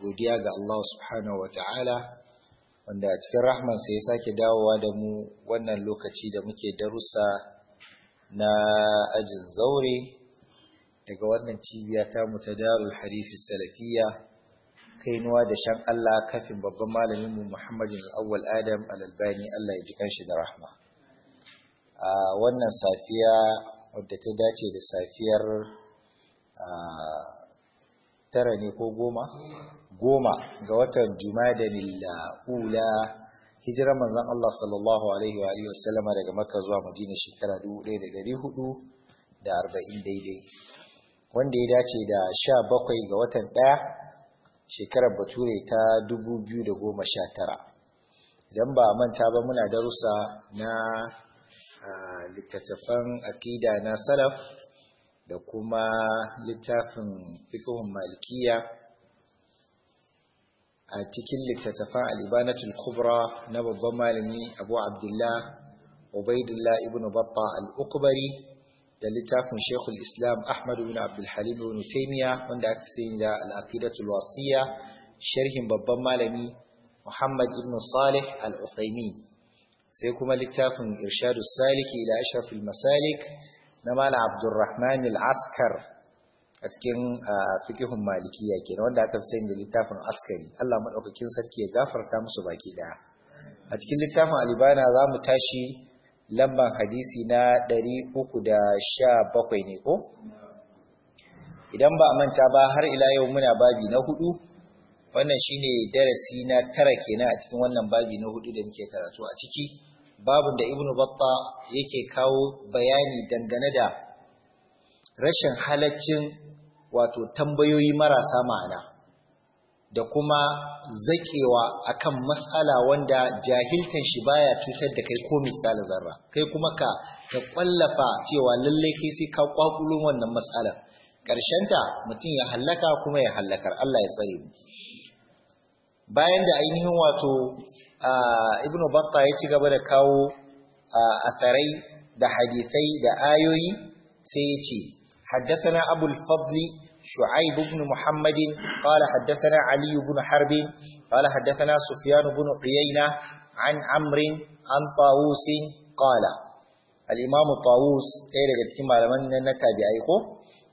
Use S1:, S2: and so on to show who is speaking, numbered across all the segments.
S1: godiya ga Allah subhanahu wata'ala wanda a cikin rahmansa ya sake dawowa da mu wannan lokaci da muke darussa na ajin zaure daga wannan cibiya ta mu ta darul hadisi salafiyya kainuwa da shan Allah kafin babban malaminmu mu Muhammadin awwal Adam alalbani, albani Allah ya ji kanshi da rahma a wannan safiya wadda ta dace da safiyar tara ne ko goma goma ga watan jumadanil ula hijirar manzan Allah sallallahu alaihi wa alihi wasallama daga maka zuwa madina shekara 1440 daidai wanda ya dace da sha bakwai ga watan ɗaya shekarar bature ta 2019 idan ba manta ba muna rusa na ah, littattafan akida na salaf da kuma littafin fiqhun malikiya a cikin littattafan al-ibanatul kubra na babban malami Abu Abdullah Ubaidullah ibn Babba al-Ukbari da littafin Sheikhul Islam Ahmad ibn Abdul Halim ibn wanda aka sani da alakidatul wasiya sharhin babban malami Muhammad ibn Salih al-Uthaymeen sai kuma littafin Irshadu Saliki da Ashrafil Masalik na Malam Abdulrahman al-Askar a cikin fiqhun Malikiya kenan wanda aka fi sani da littafin Askari Allah madaukakin sarki ya gafarta musu baki daya a cikin littafin Alibana za mu tashi lamban hadisi na 317 ne ko idan ba manta ba har ila yau muna babi na hudu wannan shine darasi na tara kenan a cikin wannan babi na hudu da muke karatu a ciki babin da ibnu batta yake kawo bayani dangane da rashin halaccin wato tambayoyi marasa ma'ana da kuma zakewa akan matsala wanda jahiltan shi baya cutar da kai ko misali zarra kai kuma ka ta kwallafa cewa lallai kai sai ka kwakulo wannan matsalar ta mutum ya hallaka kuma ya hallakar Allah ya tsare mu bayan da ainihin wato Ibn Batta ya ci gaba da kawo atharai da hadisai da ayoyi sai yace haddathana Abu al-Fadl Shu'aib ibn Muhammad qala haddathana Ali ibn Harb qala haddathana Sufyan ibn an Amr an Tawus qala al-Imam Tawus ɗaya daga cikin malaman na tabi'ai ko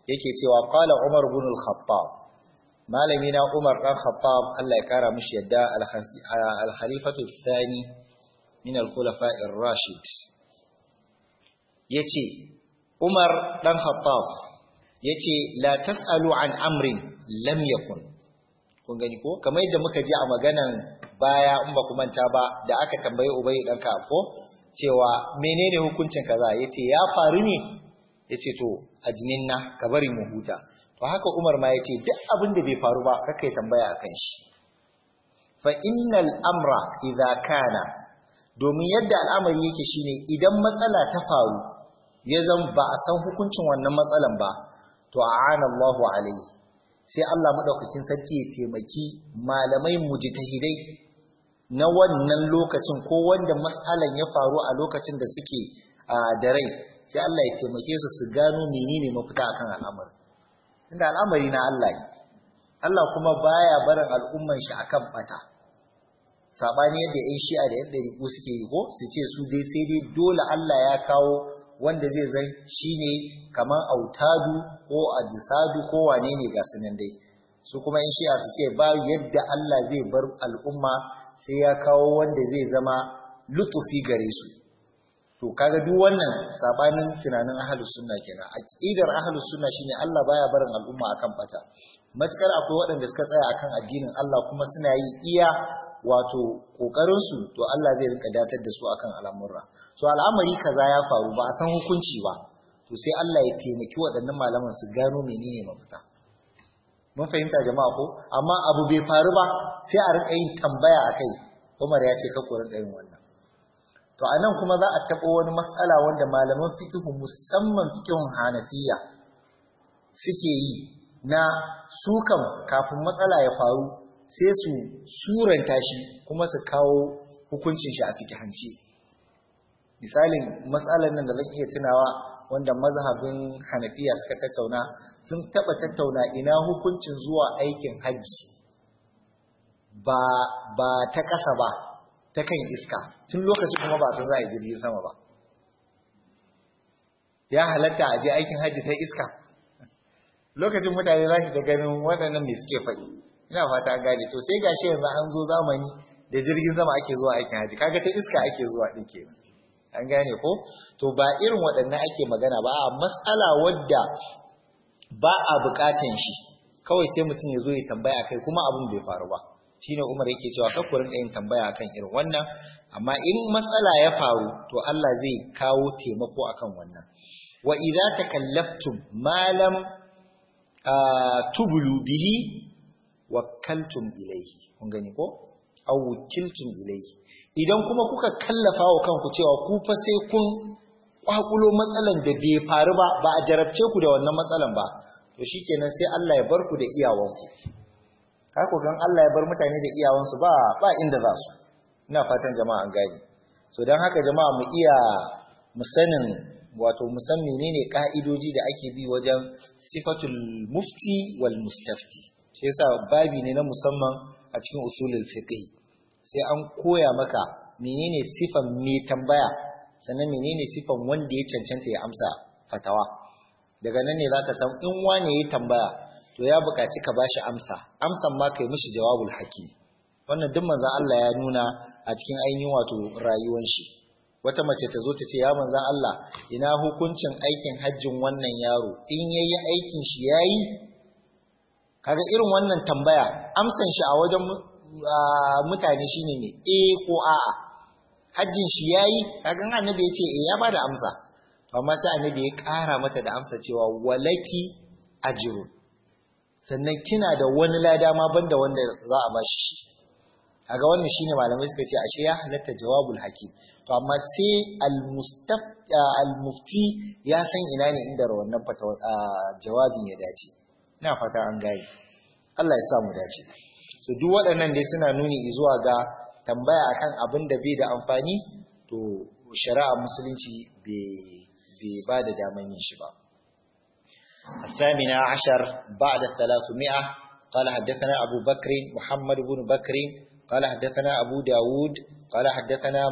S1: yake cewa qala Umar ibn al-Khattab malami na Umar dan Khattab Allah ya kara mishi yadda al-khalifatu thani min al ar rashid yace Umar dan Khattab yace la tasalu an amrin lam yakun kun gani ko kamar yadda muka ji a maganan baya in ba ku manta ba da aka tambaye Ubay dan ka ko cewa menene hukuncin kaza yace ya faru ne yace to ajinin ka bari mu huta to haka Umar ma ya ce, duk abin da bai faru ba kai tambaya kan shi fa innal amra idza kana domin yadda al'amari yake shine idan matsala ta faru ya zan ba a san hukuncin wannan matsalan ba to a'ana Allahu alaihi sai Allah madaukakin sarki ya taimaki malamai mujtahidai na wannan lokacin ko wanda matsalan ya faru a lokacin da suke da rai sai Allah ya taimake su su gano menene mafita akan al'amarin inda al'amari na Allah ne Allah kuma baya barin al'umman shi akan bata sabani yadda yan shi'a da yadda riko suke yi ko su ce su dai sai dai dole Allah ya kawo wanda zai zai shine kamar autadu ko ajisadu ko wane ne ga sunan dai su kuma yan shi'a su ce ba yadda Allah zai bar al'umma sai ya kawo wanda zai zama lutufi gare su to kaga duk wannan sabanin tunanin ahlus sunna kenan aqidar ahlus sunna shine Allah baya barin al'umma akan bata matukar akwai waɗanda suka tsaya akan addinin Allah kuma suna yi iya wato kokarin su to Allah zai rika datar da su akan al'amura to al'amari kaza ya faru ba a san hukunci ba to sai Allah ya taimaki waɗannan malaman su gano menene mafita mun fahimta jama'a ko amma abu bai faru ba sai a rika yin tambaya akai Umar ya ce ka koran irin wannan to anan kuma za a taɓo wani matsala wanda malaman fikihu musamman fikihun hanafiya suke yi na sukan kafin matsala ya faru sai su suranta shi kuma su kawo hukuncin shi a fikihance misalin matsalar nan da zai iya tunawa wanda mazhabin hanafiya suka tattauna sun taɓa tattauna ina hukuncin zuwa aikin hajji ba ta ƙasa ba ta kan iska tun lokaci kuma ba san za a jirgin sama ba ya halatta a je aikin hajji ta iska lokacin mutane za su ta ganin waɗannan mai suke faɗi ina fata gane to sai gashi yanzu an zo zamani da jirgin sama ake zuwa aikin hajji, kaga ta iska ake zuwa ɗin an gane ko to ba irin waɗannan ake magana ba a matsala wadda ba a buƙatan shi kawai sai mutum ya zo ya tambaya kai kuma abin bai faru ba ne Umar yake cewa kakwarin ku rinka yin tambaya kan irin wannan amma in matsala ya faru to Allah zai kawo taimako akan wannan wa idza takallaftum ma Tubulu tublu bihi wakkaltum ilayhi kun gani ko aw wukiltum ilayhi idan kuma kuka kallafa wa kanku cewa ku fa sai kun kwakulo matsalan da bai faru ba ba a jarabce ku da wannan matsalan ba to shi kenan sai Allah ya bar ku da iyawanku kako gan Allah ya bar mutane da iyawansu ba ba inda za su ina fatan jama'a an gane so dan haka jama'a mu iya sanin, wato musan menene ka'idoji da ake bi wajen sifatul mufti wal mustafti shi yasa babi ne na musamman a cikin usulul fiqh sai an koya maka menene sifan me tambaya sannan menene sifan wanda ya cancanta ya amsa fatawa daga nan ne zaka san in wane ya tambaya to ya buƙaci ka bashi amsa amsan ma kai mishi jawabul hakim wannan duk manzon Allah ya nuna a cikin ainihin wato rayuwar shi wata mace ta zo ta ce ya manzon Allah ina hukuncin aikin hajjin wannan yaro in yayi aikin shi yayi kaga irin wannan tambaya amsan shi a wajen mutane shine ne eh ko a'a hajjin shi yayi kaga annabi ya ce eh ya bada amsa amma sai annabi ya kara mata da amsa cewa walaki ajrun sannan kina da wani lada ma banda wanda za a bashi shi kaga wannan shine malamai suka ce ashe ya halatta jawabul hakim to amma sai al-mufti ya san ina ne inda wannan jawabin ya dace ina fata an gane Allah ya sa mu dace to duk waɗannan dai suna nuni zuwa ga tambaya akan abin da bai da amfani to shari'a musulunci bai ba da daman yin shi ba الثامنة عشر بعد الثلاثمائة قال حدثنا أبو بكر محمد بن بكر قال حدثنا أبو داود قال حدثنا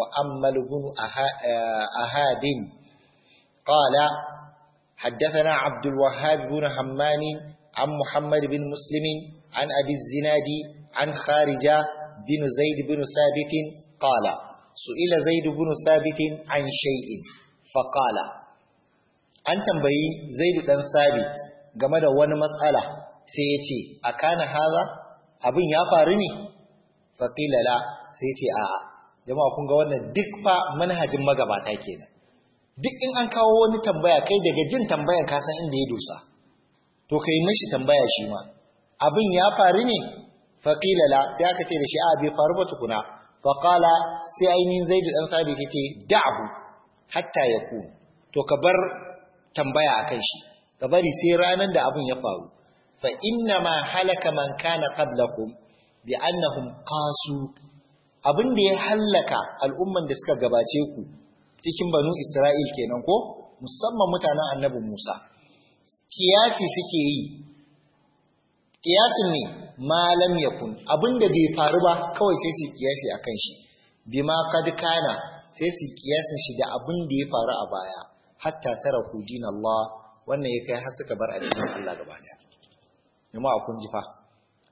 S1: مؤمل بن آه، أهاد قال حدثنا عبد الوهاب بن همام عن محمد بن مسلم عن أبي الزناد عن خارجة بن زيد بن ثابت قال سئل زيد بن ثابت عن شيء فقال an tambayi zaidu dan sabit game da wani matsala sai ya ce a kana haza abin ya faru ne Fakilala sai sai ce a'a jama kun ga wannan duk fa manhajin magabata kenan duk in an kawo wani tambaya kai daga jin tambayan ka san inda ya dosa to kai mashi tambaya shi ma abin ya faru ne Fakilala sai aka ce da shi a bai faru ba tukuna faƙala sai ainihin zaidu dan sabit ya ce da'ahu hatta ya ku. to ka bar tambaya akan shi ka bari sai ranar da abun ya faru fa inna ma halaka man kana qablakum bi annahum qasu abin da ya hallaka al'umman da suka gabace ku cikin banu Isra'il kenan ko musamman mutanen annabi Musa kiyasi suke yi kiyasin ne malam yakun abin da bai faru ba kawai sai su kiyasi akan shi bima kad kana sai su kiyasin shi da abin da ya faru a baya hatta tara taraku dinallah wannan ya kai har suka bar addinin Allah gaba daya kuma a kun fa,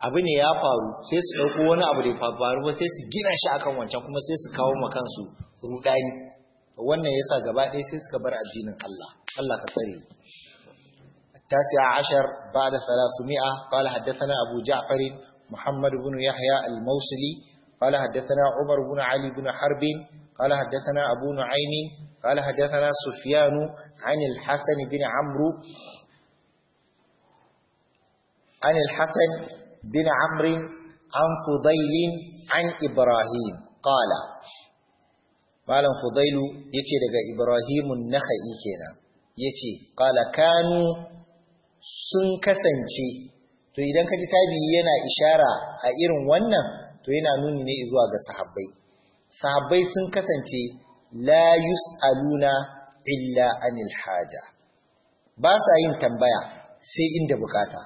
S1: abu ne ya faru sai su dauko wani abu da ya faru ba sai su gina shi akan wancan kuma sai su kawo ma kansu rudani wannan yasa gaba ɗaya sai suka bar addinin Allah Allah ka tsare التاسع عشر بعد ثلاثمائة قال حدثنا أبو جعفر محمد بن يحيى الموصلي قال حدثنا عمر بن علي بن حرب قال حدثنا أبو نعيم قال حدثنا سفيان عن الحسن بن عمرو عن الحسن بن عمرو عن فضيل عن إبراهيم قال قال فضيل يتي لغا إبراهيم النخي هنا يتي قال كانوا سنكسنشي to idan kaji tabi'i yana ishara a irin wannan to yana nuni ne zuwa ga sahabbai sahabbai sun kasance la yus'aluna illa anil haja ba sa yin tambaya sai inda bukata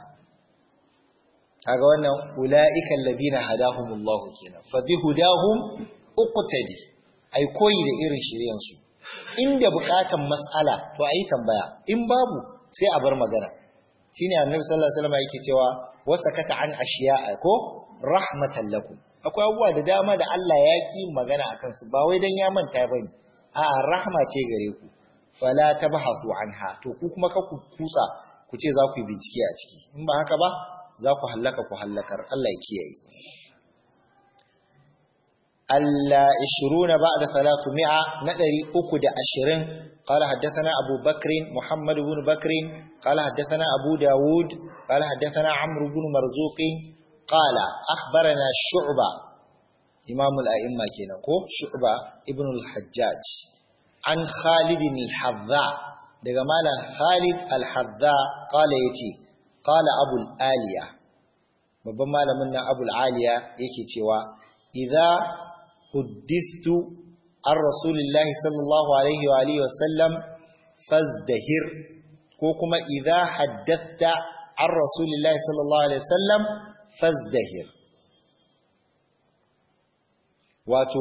S1: kaga wannan ulaika alladhina hadahumullahu kenan fa hum uqtadi ai koyi da irin shiryan su inda bukatan mas'ala to ayi tambaya in babu sai a bar magana shine annabi sallallahu alaihi wasallam yake cewa wasakata an ashiya'a ko rahmatan lakum akwai abubuwa da dama da Allah ya ki magana a kansu ba wai don ya manta ba ne a rahama ce gare ku fala ta an anha to ku kuma ka kusa ku ce za ku yi bincike a ciki in ba haka ba za ku hallaka ku hallakar Allah ya kiyaye Allah da ba'da 300 na 320 قال حدثنا أبو بكر محمد بن بكر قال حدثنا أبو داود قال حدثنا عمرو بن مرزوق qala akhbarana shu'ba imamul a'imma kenan ko shu'ba ibn al an khalid al-hadza daga malam khalid al-hadza qala yace qala abul aliya babban malamin nan abul aliya yake cewa idza huddistu an rasulillahi sallallahu alaihi wa alihi wa sallam fazdahir ko kuma idza haddathta an rasulillahi sallallahu alaihi wa sallam fazdahir wato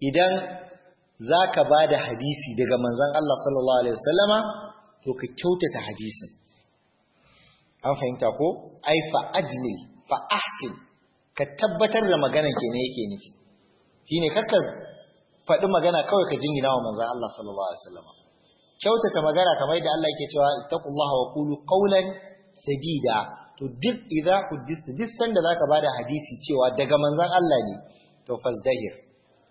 S1: idan zaka bada hadisi daga manzon Allah sallallahu alaihi wasallama to ka kyautata hadisin an fahimta ko ai fa ajni fa ahsin ka tabbatar da magana kenan yake nufi shine kakka faɗi magana kawai ka jingina wa manzon Allah sallallahu alaihi wasallama kyautata magana kamar yadda Allah yake cewa ittaqullaha wa qulu qawlan sadida to duk idza za duk sanda zaka bada hadisi cewa daga manzon Allah ne to fasdahir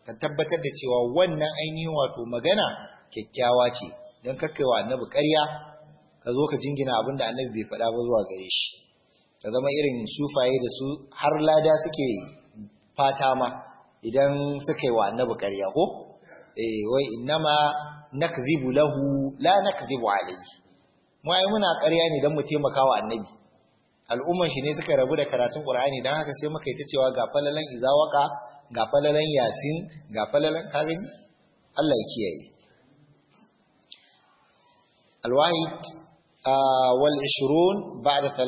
S1: ka tabbatar da cewa wannan ainihin wato magana kyakkyawa ce dan wa annabi ƙarya ka zo ka jingina abinda annabi bai faɗa ba zuwa gare shi ka zama irin sufaye da su har lada suke fata ma idan suka wa annabi ƙarya ko eh wai innama nakzibu lahu la nakzibu alayhi mu ai muna ƙarya ne dan mu taimaka wa annabi al'umman shi ne suka rabu da karatun Qur'ani dan haka sai muka yi ta cewa ga falalan izawaka ga falalan yasin ga falalan kagani Allah ya kiyaye al-wahid wal 20 ba'da 300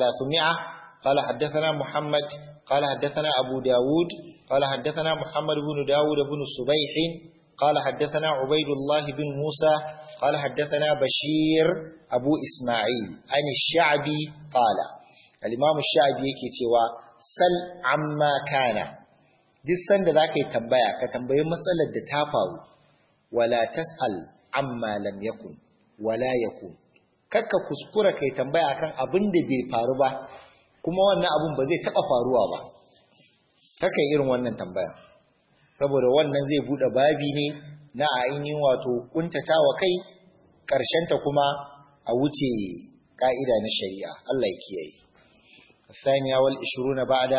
S1: qala haddathana muhammad qala haddathana abu daud qala haddathana muhammad ibn daud ibn subayh qala haddathana ubaydullah ibn musa qala haddathana bashir abu isma'il ani shaabi qala Alimamu sha'abi yake cewa sal amma kana duk sanda za ka yi tambaya ka tambayi matsalar da ta faru wala tas'al amma lam yakun wala yakun kakka kuskura kai tambaya kan abin da bai faru ba kuma wannan abin ba zai taɓa faruwa ba kakka irin wannan tambaya saboda wannan zai buɗe babi ne na ainihin wato kuntatawa kai ta kuma a wuce ƙa'ida na shari'a Allah ya kiyaye الثانية والعشرون بعد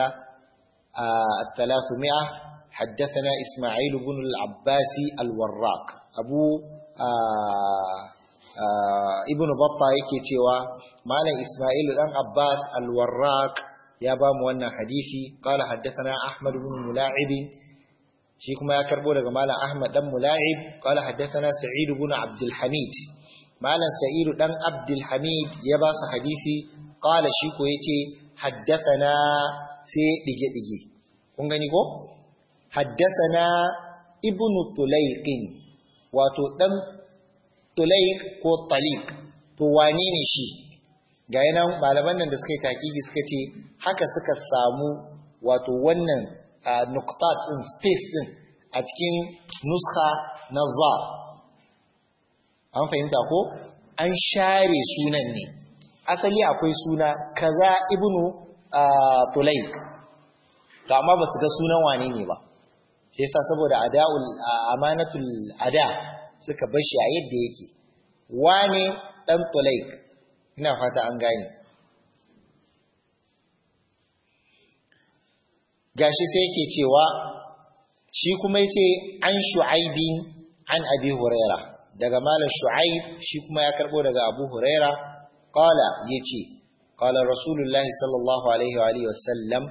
S1: آه، الثلاثمائة حدثنا إسماعيل بن العباس الوراق أبو آه، آه، ابن بطة يكتوى معنى إسماعيل الأن عباس الوراق يا بام وانا حديثي قال حدثنا أحمد بن ملاعب شيكما ما كربو لك مالا أحمد بن ملاعب قال حدثنا سعيد بن عبد الحميد مالا سعيد بن عبد الحميد يا باس حديثي قال شيكو يتي haddasana sai ɗige-ɗige. kun gani ko haddasana ibnu tulaiqin wato dan tulaiq ko taliq to wane ne shi ga yana malaman nan da suka yi takiki suka ce haka suka samu wato wannan nuktat ɗin, space ɗin a cikin nuska na za an fahimta ko an share sunan ne asali akwai suna kaza ibnu tulay to amma ba su ga sunan wane ne ba shi yasa saboda ada'ul amanatul ada suka bashi a yadda yake wane dan tulay ina fata an gane gashi sai yake cewa shi kuma yace an shu'aibin an abi huraira daga malam shu'aib shi kuma ya karbo daga abu huraira ya ce, qala rasulullahi sallallahu alaihi wa wasallam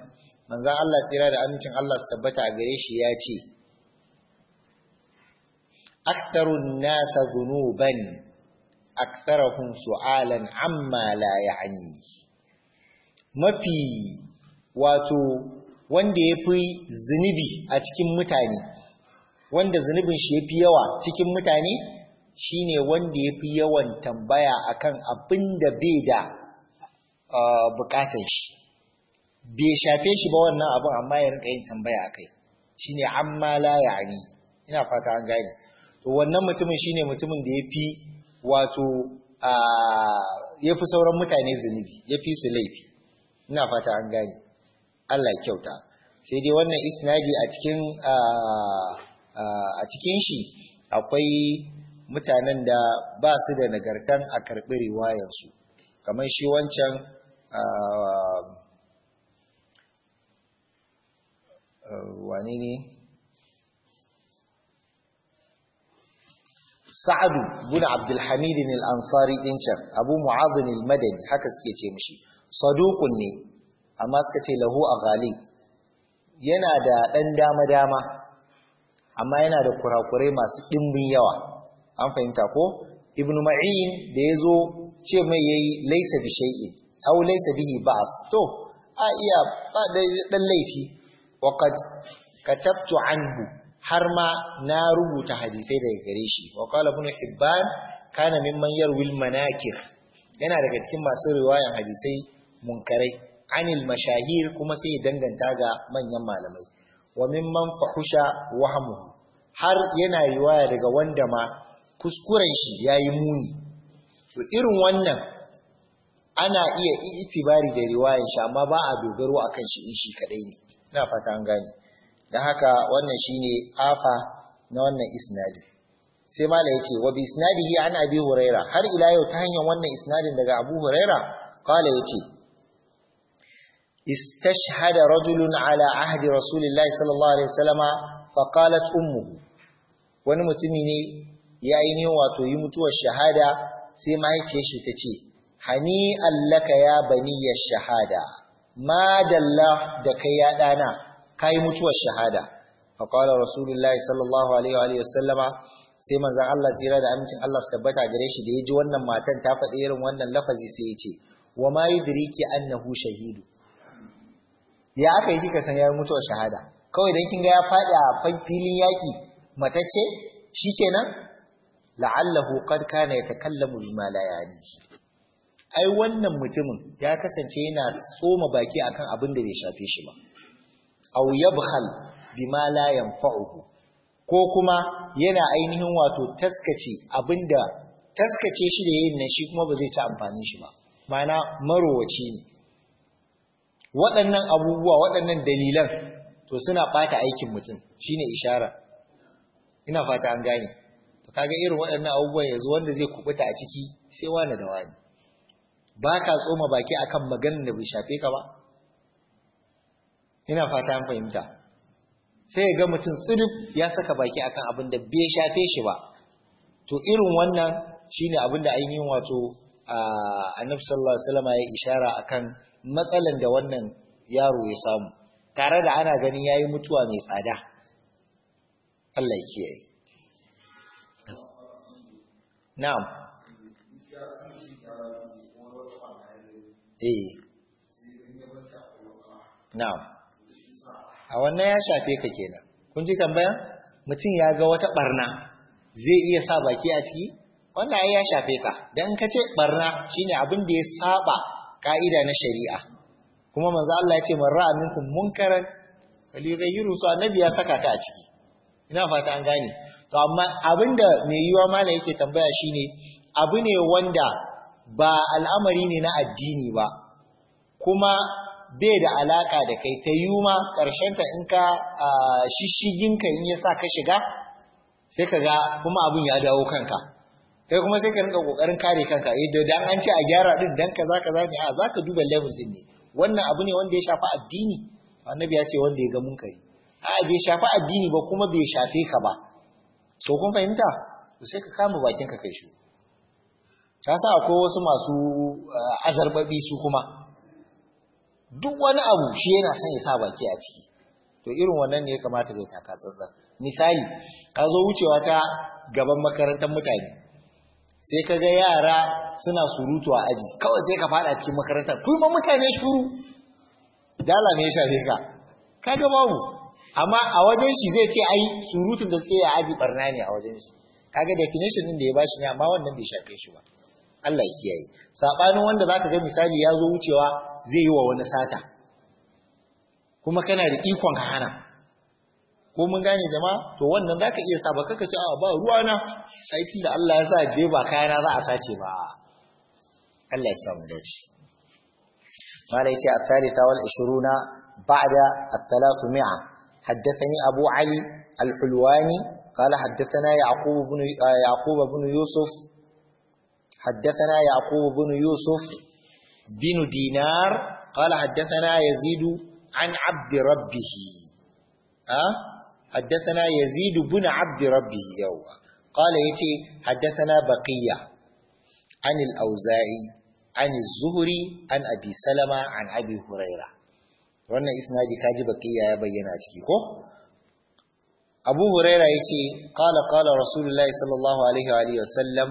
S1: manzon Allah tsira da amincin Allah su tabbata a gare shi ya ce aktharun nasa zunuban aktharuhum su'alan amma la ya'ni mafi wato wanda yafi zunubi a cikin mutane wanda zunubin shi yafi yawa cikin mutane Shi ne wanda ya fi yawan tambaya akan abin da bai da uh, bukatar shi bai shafe shi ba wannan abin amma ya rinka yin tambaya a kai. akai shine amma a ya'ni ina fata an gane to wannan mutumin shi ne mutumin da ya fi wato uh, ya fi sauran mutane zunubi ya fi su laifi ina fata an gane Allah kyauta sai dai wannan isnadi a cikin uh, shi akwai mutanen da ba su da nagartan a karɓi riwayarsu kamar shi wancan wani ne sa'adu bin abdulhamidin al'ansari ɗincan abu mu'azin al-madani haka suke ce mashi sadukun ne amma suka ce lahu a ghali yana da ɗan dama-dama amma yana da kurakurai masu ɗimbin yawa an fahimta ko ibnu ma'in da ya zo ce mai yayi laisa bi shay'in aw laisa bihi ba'as to a iya ba dan laifi wa qad katabtu anhu har ma na rubuta hadisai daga gare shi wa qala ibnu hibban kana mimman yarwil manakir yana daga cikin masu riwayan hadisai munkarai anil mashahir kuma sai ya danganta ga manyan malamai wa mimman fahusha wahamu har yana riwaya daga wanda ma kuskuren shi ya yi muni to irin wannan ana iya itibari da riwayan shi amma ba a dogaro a kan shi in shi kaɗai ne na fata an gane don haka wannan shi ne afa na wannan isnadi sai mala ya ce wa bi isnadihi an abi huraira har ila yau ta hanyar wannan isnadin daga abu huraira kala ya ce استشهد رجل على عهد رسول الله صلى الله عليه وسلم فقالت أمه ونمتمني ya yi wato yi mutuwar shahada sai mahaifiyar shi ta ce hani allaka ya bani ya shahada ma dalla da kai ya ɗana ka yi mutuwar shahada faƙawar rasulullahi sallallahu alaihi Sallama, sai manzan Allah tsira da amincin Allah su tabbata gare shi da ya ji wannan matan ta faɗi irin wannan lafazi sai ya ce wa ma yi yudriki annahu shahidu ya aka yi kika san ya mutuwar shahada kawai dan kin ga ya faɗi a filin yaƙi matacce shikenan la'allahu qad ya yatakallamu bima la yani ai wannan mutumin ya kasance yana tsoma baki akan abin da bai shafe shi ba aw yabkhal bima la yanfa'uhu ko kuma yana ainihin wato taskace abin da taskace shi da yayin nan shi kuma ba zai ta amfani shi ba mana marowaci ne waɗannan abubuwa waɗannan dalilan to suna ɓata aikin mutum shine isharar ina fata an gane kaga irin waɗannan abubuwan yanzu wanda zai kubuta a ciki sai wani da wani ba ka tsoma baki akan maganar da bai shafe ka ba ina fata an fahimta sai ga mutum tsirif ya saka baki akan abin da bai shafe shi ba to irin wannan shine abin da ainihin wato annabi sallallahu alaihi wasallam ya ishara akan matsalan da wannan yaro ya samu tare da ana ganin yayi mutuwa mai tsada Allah ya kiyaye na'am eh na'am a wannan ya shafe ka kenan kun ji tambaya mutum ya ga wata barna zai iya sa baki a ciki wannan ya shafe ka dan ka ce barna shine abin da ya saba ka'ida na shari'a kuma manzo Allah ya ce man ra'a minkum munkaran falyughayyiru sa Nabi ya saka ta a ciki ina fata an gane to amma abinda mai yiwa mala yake tambaya shine abu ne wanda ba al'amari ne na addini ba kuma bai da alaka da kai ta yi ma ƙarshenta in ka shishiginka in ya sa ka shiga sai ka ga kuma abin ya dawo kanka kai kuma sai ka rinka ƙoƙarin kare kanka yadda eh, dan an ce a gyara din dan ka kaza ne a ka duba level din ne wannan abu ne wanda ya shafi addini annabi ya ce wanda ya ga munkari a bai shafi addini ba kuma bai shafe ka ba to kun fahimta to sai ka kama bakin ka kai shi ta sa akwai wasu masu eh, azarbabi su kuma duk wani abu shi yana son ya sa baki a ciki to irin wannan ne ya kamata bai taka tsantsan misali ka zo wucewa ta gaban makarantar mutane sai ka ga yara suna surutu a aji kawai sai ka fada cikin makarantar kuma mutane shuru dala me ya shafe ka kaga babu amma a wajen shi zai ce ai surutun da tsaye a aji barna ne a wajen shi kaga definition din da ya bashi ne amma wannan bai shafe shi ba Allah ya kiyaye sabanin wanda zaka ga misali ya zo wucewa zai yi wa wani sata kuma kana da ikon ka hana ko mun gane jama'a to wannan zaka iya sa ba kaka ce a ba ruwa na ai da Allah ya sa je ba kayana za a sace ba Allah ya samu dace malai ce a 23 ba'da 300 حدثني أبو علي الحلواني قال حدثنا يعقوب بن آه، يعقوب بن يوسف حدثنا يعقوب بن يوسف بن دينار قال حدثنا يزيد عن عبد ربه أه؟ حدثنا يزيد بن عبد ربه يوه قال يتي حدثنا بقية عن الأوزاعي عن الزهري عن أبي سلمة عن أبي هريرة wannan isnadi kaji bakiyya ya bayyana a ciki ko Abu Huraira yace qala qala Rasulullahi sallallahu alaihi wa alihi wasallam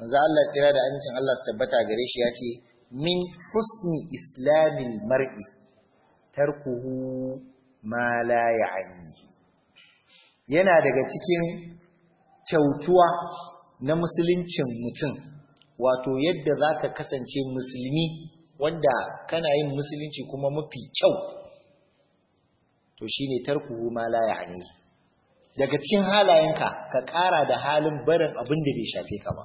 S1: manzo Allah tsira da amincin Allah su tabbata gare shi yace min husni islamil mar'i tarkuhu ma la ya'ni yana daga cikin kyautuwa na musuluncin mutum wato yadda zaka kasance musulmi wanda kana yin musulunci kuma mafi kyau to shine tarkuhu ma la ya'ni daga cikin halayenka ka kara da halin barin abin da bai shafe ka ba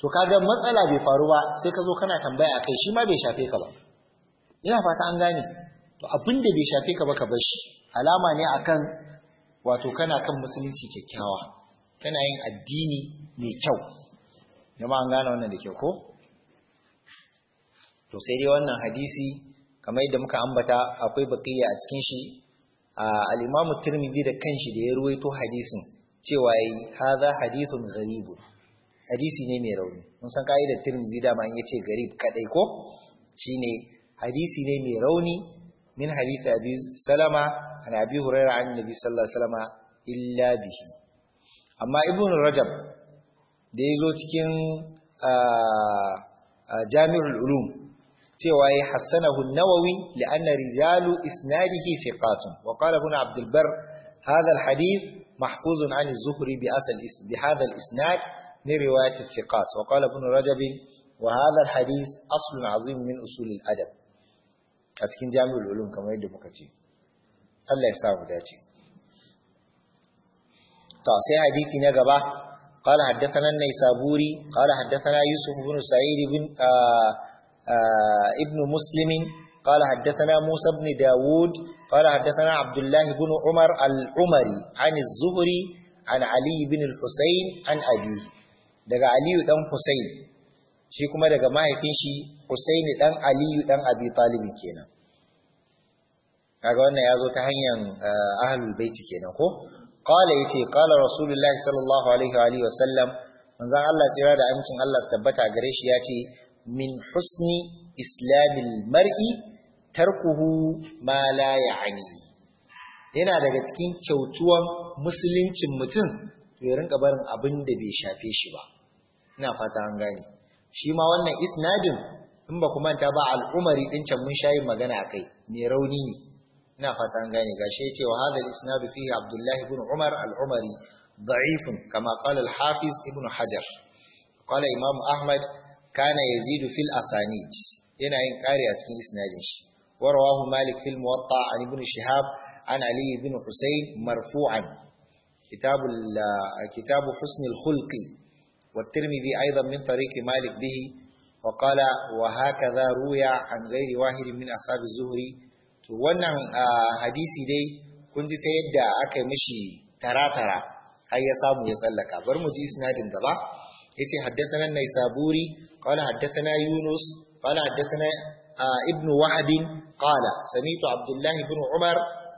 S1: to kaga matsala bai faru ba sai ka zo kana tambaya akai shi ma bai shafe ka ba ina fata an gane to abin da bai shafe ka ba ka bar shi alama ne akan wato kana kan musulunci kyakkyawa kana yin addini mai kyau jama'an an gane wannan da ke ko to sai dai wannan hadisi kamar yadda muka ambata akwai baqiya a cikin shi al-Imam Tirmidhi da kanshi da ya ruwaito hadisin cewa yayi hadha hadithun gharib hadisi ne mai rauni mun san kaidar Tirmidhi da ma yace gharib kadai ko shine hadisi ne mai rauni min hadith Abi Salama an Abi Hurairah an Nabi sallallahu alaihi wasallam illa bihi amma Ibn Rajab da yazo cikin jami'ul ulum cewa ya hassanahu nawawi li'anna rijalu isnadihi thiqatun wa qala ibn abd albar hadha alhadith mahfuzun an az-zuhri bi asal bi hadha al-isnad min riwayat thiqat wa qala ibn rajab wa hadha alhadith aslun azim min usul al-adab a cikin jami'ul ulum kamar yadda muka ce Allah ya sa mu dace to sai hadisi na gaba قال حدثنا naysaburi qala حدثنا yusuf ibn sa'id ibn آه ابن مسلم قال حدثنا موسى بن داود قال حدثنا عبد الله بن عمر العمري عن الزهري عن علي بن الحسين عن daga Aliyu dan Husain shi kuma daga mahaifinshi Husaini dan Aliyu dan Abi Talib kenan kaga wannan ya zo ta hanyar ahlul bait kenan ko qala yace qala rasulullahi sallallahu alaihi wa sallam manzon Allah tsira da amincin Allah tabbata gare shi ya ce. min husni islamil mar'i tarkuhu ma la ya'ni yana daga cikin kyautuwan musuluncin mutum to ya rinka barin abin da bai shafe shi ba ina fata an gane shi ma wannan isnadin in ba kuma ta ba al'umari din can mun shayi magana kai. ne rauni ne ina fata an gane gashi yace wa hadha al-isnad fihi ibn Umar al-Umari kama كما قال hafiz ابن hajar قال إمام ahmad kana yazidu fil asanid yana yin ƙari a cikin isnadin shi rawahu malik fil muwatta an ibn shihab an ali ibn husayn marfu'an kitab uh, kitab husn al khulqi wa tirmidhi aidan min tariq malik bihi wa qala wa hakadha ruya an ghairi wahid min ashab az-zuhri to wannan uh, hadisi dai kun ji ta yadda aka mishi taratara har ya samu ya tsallaka bar mu ji isnadin gaba yace haddathana an-naisaburi قال حدثنا يونس قال حدثنا ابن وهب قال سميت عبد الله بن عمر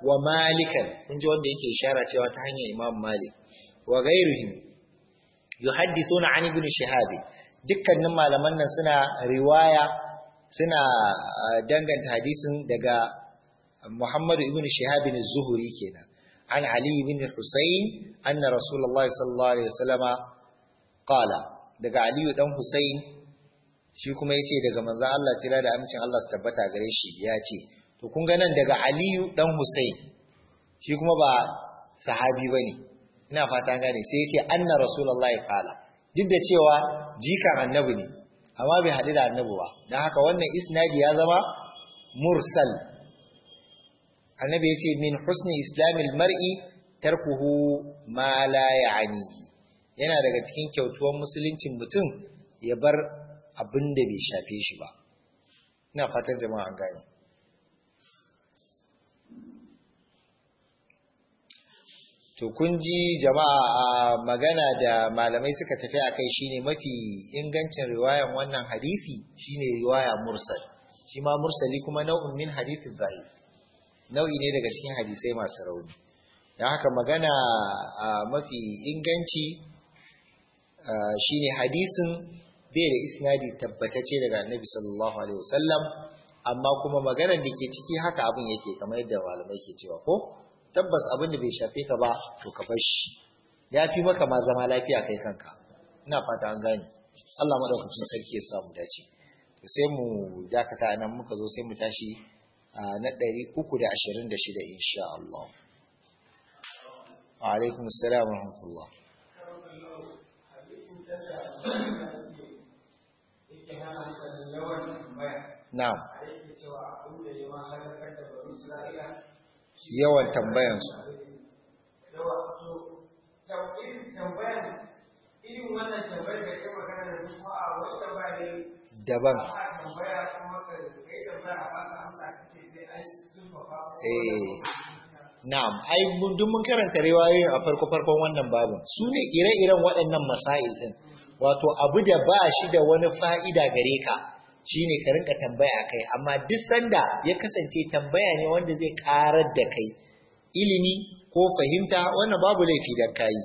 S1: ومالكا kun ji wanda yake shara cewa ta hanyar Imam Malik wa gairuhim yuhaddithuna an ibn Shihab dukkanin malaman nan suna riwaya suna danganta hadisin daga Muhammad ibn Shihab az-Zuhri kenan an Ali ibn Husayn anna Rasulullah sallallahu alaihi wasallama qala daga Ali dan Husayn shi kuma ya ce daga manzan Allah tira da amincin Allah su tabbata gare shi ya ce to kun ga nan daga Aliyu dan Hussein shi kuma ba sahabi ba ne? ina fata gane sai ya yace anna rasulullahi kala duk da cewa jikan annabi ne amma bai haɗu da annabi ba dan haka wannan isnadi ya zama mursal annabi ce min husni islamil mar'i tarkuhu ma la ya'ni yana daga cikin kyautuwan musuluncin mutum ya bar abin da bai shafe shi ba ina fatan jama'a gani to kun ji jama'a magana da malamai suka tafi a kai shine mafi ingancin riwayan wannan hadisi shine riwaya mursal shi ma mursali kuma nau'in min hadithin zahid nau'i ne daga cikin hadisai masu rauni Da haka magana mafi inganci shine hadisin bai da isnadi tabbatacce daga annabi sallallahu alaihi wasallam amma kuma maganar da ke ciki haka abin yake kamar yadda malamai ke cewa ko tabbas abin da bai shafe ka ba to ka bar shi ya fi maka ma zama lafiya kai kanka ina fata an gane Allah madaukakin sarki ya samu dace to sai mu dakata nan muka zo sai mu tashi na ɗari 326 insha Allah wa alaikum assalam wa rahmatullahi. na'am yawan su. daban eh na'am ai duk mun karanta riwayoyin a farko farkon wannan babu su ne ire-iren waɗannan masail din wato abu da ba shi da wani fa'ida gare ka Shi ne ka rinka tambaya kai amma duk sanda ya kasance tambaya ne wanda zai karar da kai ilimi ko fahimta wannan babu laifi da kayi.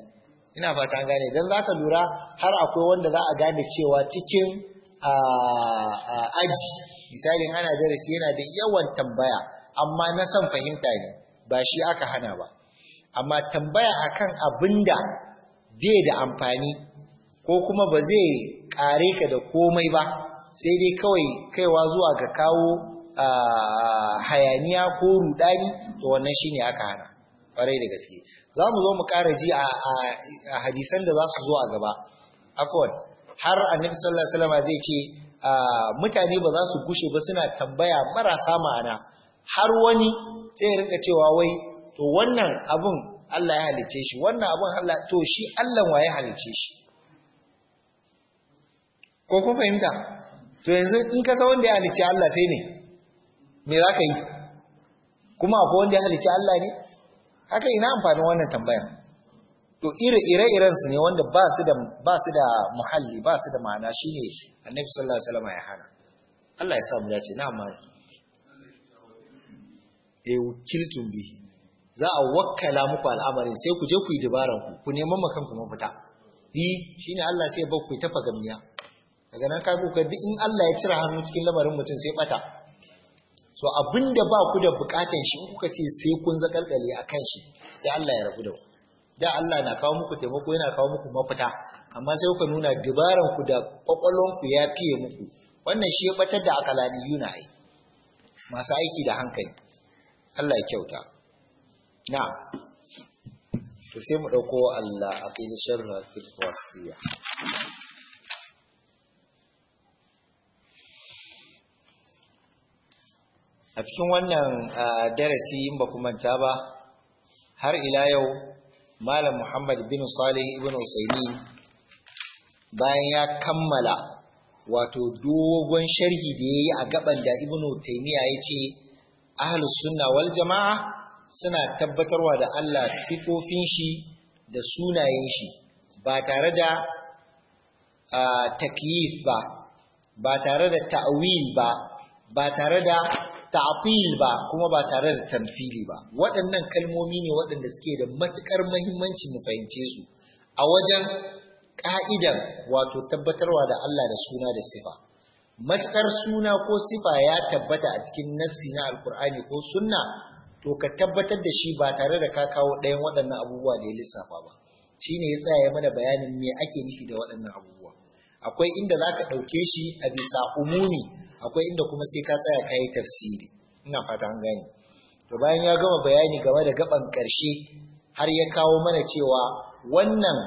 S1: ina fata gane dan zaka lura har akwai wanda za a gane cewa cikin aji misalin ana darasi yana da yawan tambaya amma na san fahimta ne ba shi aka hana ba amma tambaya akan abinda bai da amfani ko kuma ba zai kare ka da komai ba sai dai kawai kaiwa zuwa ga kawo hayaniya ko rudani to wannan shi ne aka hana ƙwarai da gaske za mu zo mu ƙara ji a hadisan da za su zo a gaba afon har annabi sallallahu alaihi wasallam zai ce mutane ba za su gushe ba suna tambaya marasa ma'ana har wani sai rinka cewa wai to wannan abun Allah ya halice shi wannan abun Allah to shi Allah wa ya halice shi ko kun fahimta to yanzu in ka san wanda ya halicci Allah sai ne me za ka yi kuma akwai wanda ya halicci Allah ne haka ina amfanin wannan tambayar to ire-iren su ne wanda ba su da ba su da muhalli ba su da ma'ana shine annabi sallallahu alaihi wasallam ya hana Allah ya sa mu dace na amma E eh, kiltum bi za a wakkala muku al'amarin sai ku je ku yi dabaran ku ku neman makan ku mafita yi shine Allah sai ya bakku ta fagamniya daga nan kago ka duk in Allah ya cira hannu cikin lamarin mutum sai bata so abinda ba ku da bukatan shi kuka ce sai kun zakalkale akan shi sai Allah ya rabu da ku da Allah na kawo muku taimako yana kawo muku mafita amma sai kuka nuna dabaran ku da kwakwalon ku ya fiye muku wannan shi ya batar da akalani yuna ai masu aiki da hankali Allah ya kyauta na to sai mu dauko Allah aqidu sharri wasiya a cikin wannan darasi in ba manta ba har ila yau malam muhammad bin salih ibn usaini bayan ya kammala wato dogon sharhi da ya yi a gaban da ibn taimiya ya ce ahlus sunna wal jama'a suna tabbatarwa da allah sifofin shi da sunayen shi ba tare da takyif ba ba tare da ta'wil ba ba tare da ta'til ba kuma ba tare da tamfili ba waɗannan kalmomi ne waɗanda suke da matukar muhimmanci mu fahimce su a wajen ka'idan wato tabbatarwa da Allah da suna da sifa matukar suna ko sifa ya tabbata a cikin nassi na alkur'ani ko sunna to ka tabbatar da shi ba tare da ka kawo ɗayan waɗannan abubuwa da ya lissafa ba shine ya tsaya mana bayanin me ake nufi da waɗannan abubuwa akwai inda za ka ɗauke shi a bisa umumi akwai inda kuma sai ka tsaya ka yi tafsiri ina fata an gani. to bayan ya gama bayani game da gaban ƙarshe har ya kawo mana cewa wannan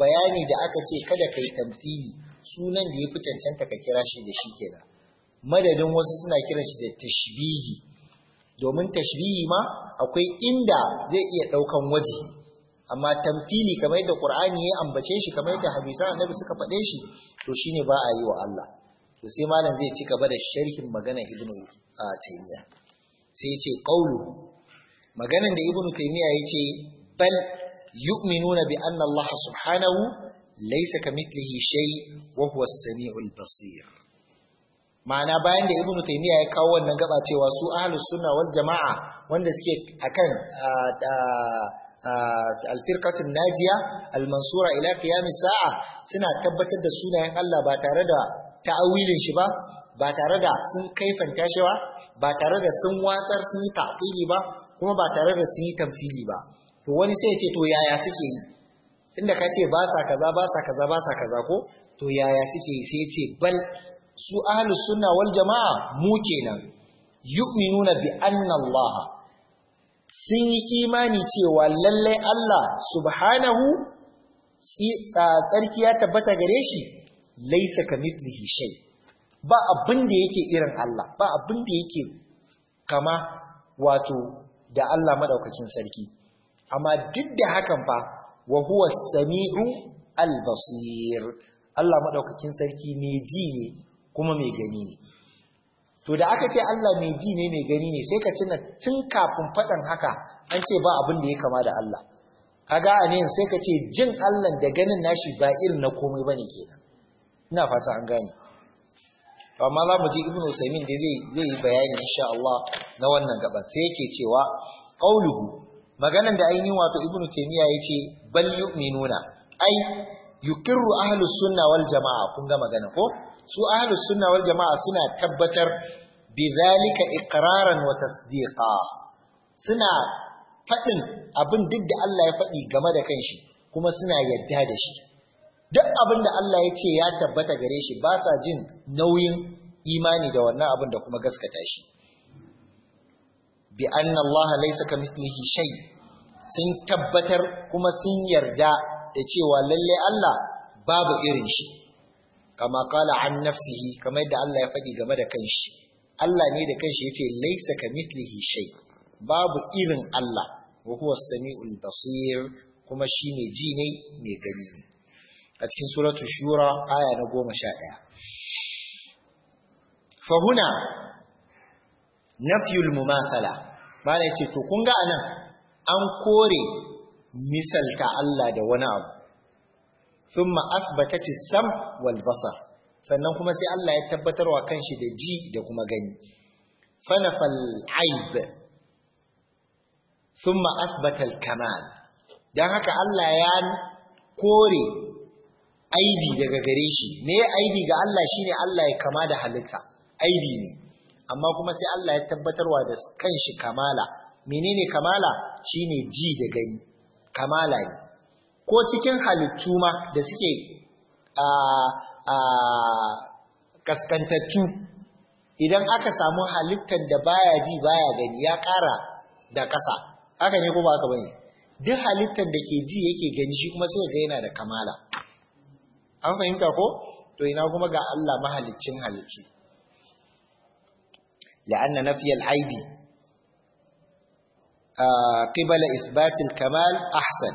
S1: bayani da aka ce kada ka yi tamfili sunan da ya fi cancanta ka kira shi da shi kenan madadin wasu suna kiran shi da tashbihi domin tashbihi ma akwai inda zai iya ɗaukan waje amma tamfili kamar yadda ƙur'ani ya ambace shi kamar yadda hadisan annabi suka faɗe shi to shine ba a yi wa Allah to sai malam zai ci gaba da sharhin magana ibnu taymiya sai yace qawlu maganan da ibnu taymiya yace bal yu'minuna bi anna subhanahu laysa kamithlihi shay wa huwa as-sami'ul basir ma'ana bayan da ibnu taymiya ya kawo wannan gaba cewa su ahlus sunna wal jama'a wanda suke akan alfirkatun najiya almansura ila qiyamis sa'a suna tabbatar da sunayen Allah ba tare da ta'awilin shi ba ba tare da sun kaifanta shi ba ba tare da sun watsar sun yi ta'tili ba kuma ba tare da sun yi tamfili ba to wani sai ya ce to yaya suke yi tunda ka ce ba sa kaza ba sa kaza ba sa kaza ko to yaya suke yi sai ya ce bal su ahlus sunna wal jama'a mu kenan yu'minuna bi anna Allah sun yi imani cewa lallai Allah subhanahu tsarki ya tabbata gare shi laisa ka mitlihi shai ba abin da yake irin Allah ba abin da yake kama wato da Allah madaukakin sarki amma duk da hakan fa wa huwa samiu al-basir Allah madaukakin sarki mai ji ne kuma mai gani ne to da aka ce Allah mai ji ne mai gani ne sai ka tuna tun kafin faɗan haka an ce ba abin da ya kama da Allah kaga a ne sai ka ce jin Allah da ganin nashi ba irin na komai bane kenan ina fata an gane amma za mu ji ibn usaimin da zai yi bayani insha Allah na wannan gaba sai yake cewa qauluhu maganan da ainihin wato ibn taymiya yace bal yu'minuna ai yukirru ahlus sunna wal jamaa kun ga magana ko su ahlus sunna wal jamaa suna tabbatar bidhalika iqraran wa tasdiqa suna faɗin abin duk da Allah ya faɗi game da kanshi kuma suna yadda da shi duk abin da Allah ya ce ya tabbata gare shi ba sa jin nauyin imani da wannan abin da kuma gaskata shi bi anna Allah laysa kamithlihi shay sun tabbatar kuma sun yarda da cewa lalle Allah babu irin shi kama kala an nafsihi kamar yadda Allah ya faɗi game da kanshi Allah ne da kanshi yace laysa kamithlihi shay babu irin Allah wa huwa as-sami'ul basir kuma shine ji ne mai gani ne a cikin suratu shura aya na goma sha ɗaya fahuna nafyul mumathala mala ce to kun ga anan an kore misalta Allah da wani abu thumma asbatati sam wal basar sannan kuma sai Allah ya tabbatar wa kanshi da ji da kuma gani fanafal aib thumma asbata kamal dan haka Allah ya kore aibi daga gare shi me aibi ga Allah shine Allah ya kama da halitta aibi ne amma kuma sai Allah ya tabbatarwa da kanshi kamala menene kamala shine ji da gani kamala ne ko cikin halittu ma da suke a a kaskantattu idan aka samu halittar da baya ji baya gani ya kara da ƙasa haka ne ko ba haka bane duk halittar da ke ji yake gani shi kuma sai ga yana da kamala an fahimta ko to ina kuma ga Allah mahaliccin halicci la'anna nafiyal aibi qibla isbatil kamal ahsan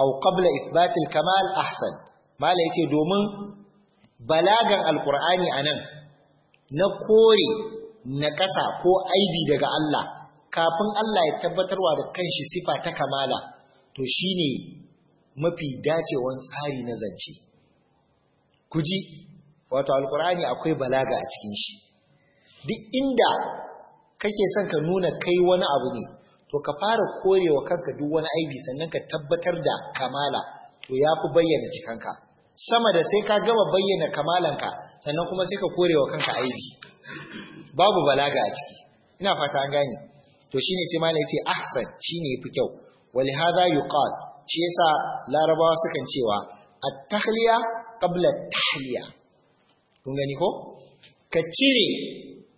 S1: aw qabla isbatil kamal ahsan mala yace domin balagan alqur'ani anan na kore na kasa ko aibi daga Allah kafin Allah ya tabbatarwa da kanshi sifa ta kamala to shine mafi dacewan tsari na zance kuji wato alkur'ani akwai balaga a cikin shi duk inda kake son ka nuna kai wani abu ne to ka fara korewa kanka duk wani aibi sannan ka tabbatar da kamala to ya fi bayyana cikanka sama da sai ka gama bayyana kamalan ka sannan kuma sai ka korewa kanka aibi babu balaga a ciki ina fata an gane to shine sai malai ce ahsan shine yafi kyau wal hadha yuqal shi yasa larabawa sukan cewa at-tahliya qabla tahliya kun gani ko ka cire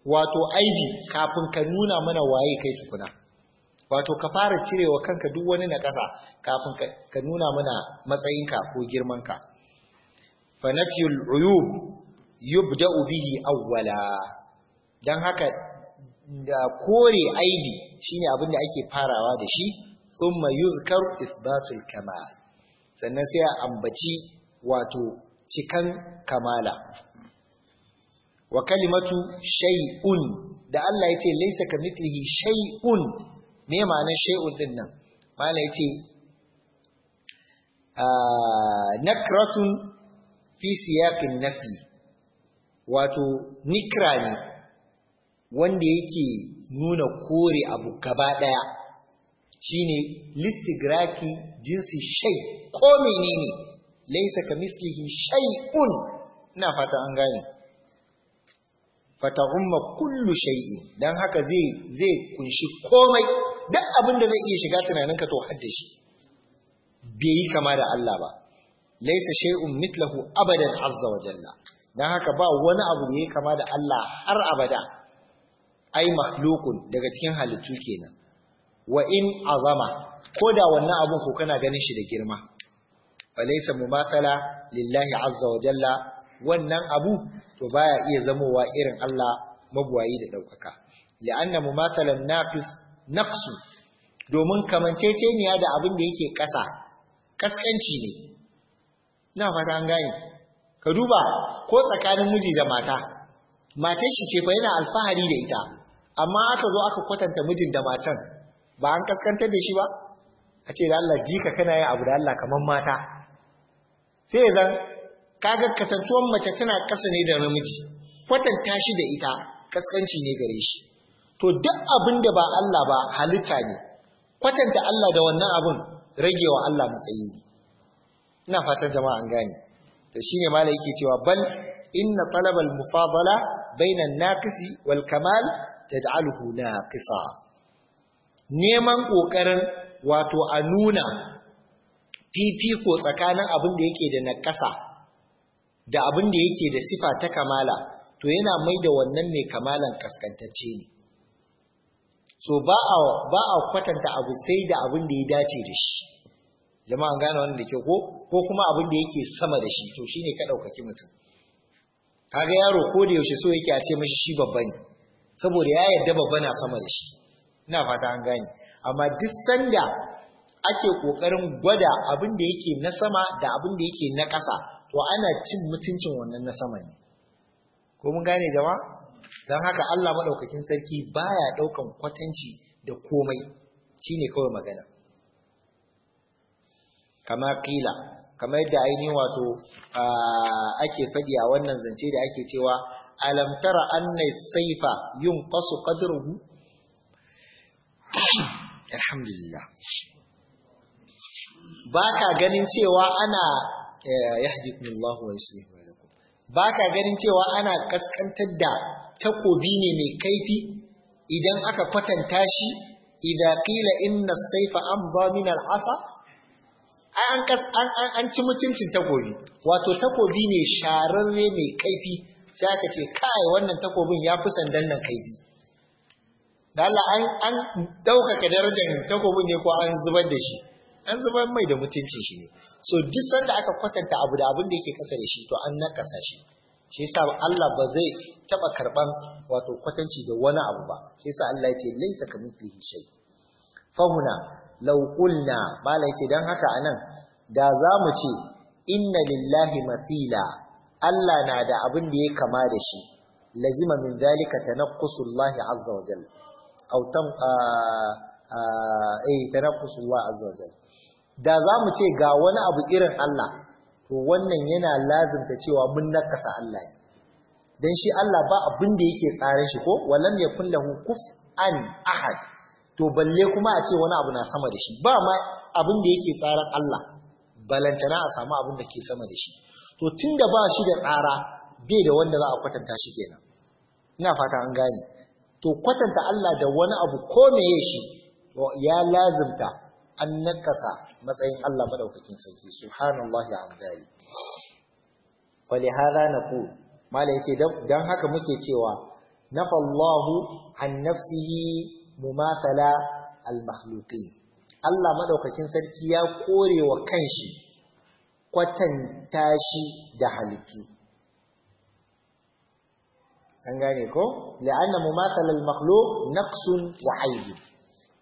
S1: wato aibi kafin ka nuna mana waye kai tukuna wato ka fara cirewa kanka duk wani na ƙasa kafin ka nuna mana matsayinka ko girmanka fa nafyul uyub yubda'u bihi awwala dan haka da kore aibi shine abin da ake farawa da shi thumma yuzkaru isbatul kamal sannan sai a ambaci wato cikan kamala wa kalimatu shay'un da Allah yace laysa kamithlihi shay'un me ma'ana shay'un din nan mala yace ah, nakratun fi siyaqin nafi wato nikrani, ne wanda yake nuna kore abu gaba daya shine listigraki jinsi shay ko menene laisa kamislihi shay'un ina fata an gane fatagumma kullu shay'in dan haka zai zai kunshi komai duk abin da zai iya shiga tunaninka to hadda shi bai yi kama da Allah ba laisa shay'un mithluhu abadan azza wa jalla dan haka ba wani abu da yake kama da Allah har abada ai Mahlukun, daga cikin halittu kenan wa in azama ko da wannan abun ko kana ganin shi da girma falaysa mumathala lillahi azza wa jalla wannan abu to baya iya zamowa irin Allah magwayi da daukaka li'anna mumathalan naqis naqsu domin kamanceceniya da abin da yake kasa kaskanci ne na fata an gane ka duba ko tsakanin miji da mata matar shi ce fa yana alfahari da ita amma aka zo aka kwatanta mijin da matan ba an kaskantar da shi ba a ce da Allah jika kana yin abu da Allah kamar mata sai zan kaga kasantuwan mace tana ƙasa ne da namiji kwatanta shi da ita kaskanci ne gare shi to duk abin da ba Allah ba halitta ne kwatanta Allah da wannan abin wa Allah matsayi ne ina fatan jama'a an gane to shine malai yake cewa bal inna talabal mufadala baina naqisi wal kamal taj'aluhu naqisa neman kokarin wato a nuna fifiko tsakanin abin da yake da nakasa da abin da yake da sifa ta kamala to yana mai da wannan mai kamalan kaskantacce ne so ba a kwatanta abu sai da abin da ya dace da shi jama'a an gane wannan da ke ko ko kuma abin da yake sama da shi to shine ka ɗaukaki mutum kaga yaro ko da yaushe so yake a ce mishi shi babba ne saboda ya yarda babba na sama da shi ina fata an gane amma duk sanda ake kokarin gwada abin da yake na sama da abin da yake na ƙasa to ana cin mutuncin wannan na sama ne ko mun gane jama'a don haka Allah maɗaukakin sarki baya ɗaukan kwatanci da komai shine kawai magana kama kila kamar yadda ainihin wato ake faɗi a wannan zance da ake cewa alam tara anna saifa yunqasu qadruhu alhamdulillah ba ka ganin cewa ana eh, Allah wa ba ka ganin cewa ana kaskantar da takobi ne mai kaifi idan aka kwatanta shi idan kila inna saifa an ba min al'asa an ci mutuncin takobi wato takobi ne shararre mai kaifi sai aka ce kai wannan takobin ya fi sandan nan kaifi da Allah an ɗaukaka darajar takobin ne ko an zubar da shi an zama mai da mutuncin shi ne so duk sanda aka kwatanta abu da abin da yake kasa da shi to an nakasa shi shi yasa Allah ba zai taba karban wato kwatanci da wani abu ba shi yasa Allah ya ce laisa kamithlihi shay fa huna law qulna malai ce dan haka anan da za mu ce inna lillahi mathila Allah na da abin da ya kama da shi lazima min zalika tanaqqusullahi azza wa jalla tan eh azza wa jalla da za mu ce ga wani abu irin Allah to wannan yana lazimta cewa mun nakasa Allah ne dan shi Allah ba abin da yake tsare shi ko walam yakun lahu an ahad to balle kuma a ce wani abu na sama da shi ba ma abin da yake tsarin Allah balantana a samu abin da ke sama da shi to tunda ba shi da tsara bai da wanda za a kwatanta shi kenan ina fata an gane to kwatanta Allah da wani abu ko meye shi ya lazimta an nakasa matsayin Allah madaukakin sarki subhanallahi an dali wali hada naqul mala yace dan haka muke cewa nafallahu an nafsihi mumathala almakhluqin Allah madaukakin sarki ya kore wa kanshi kwatanta shi da halittu an gane ko la'anna mumathala almakhluq naqsun wa aibun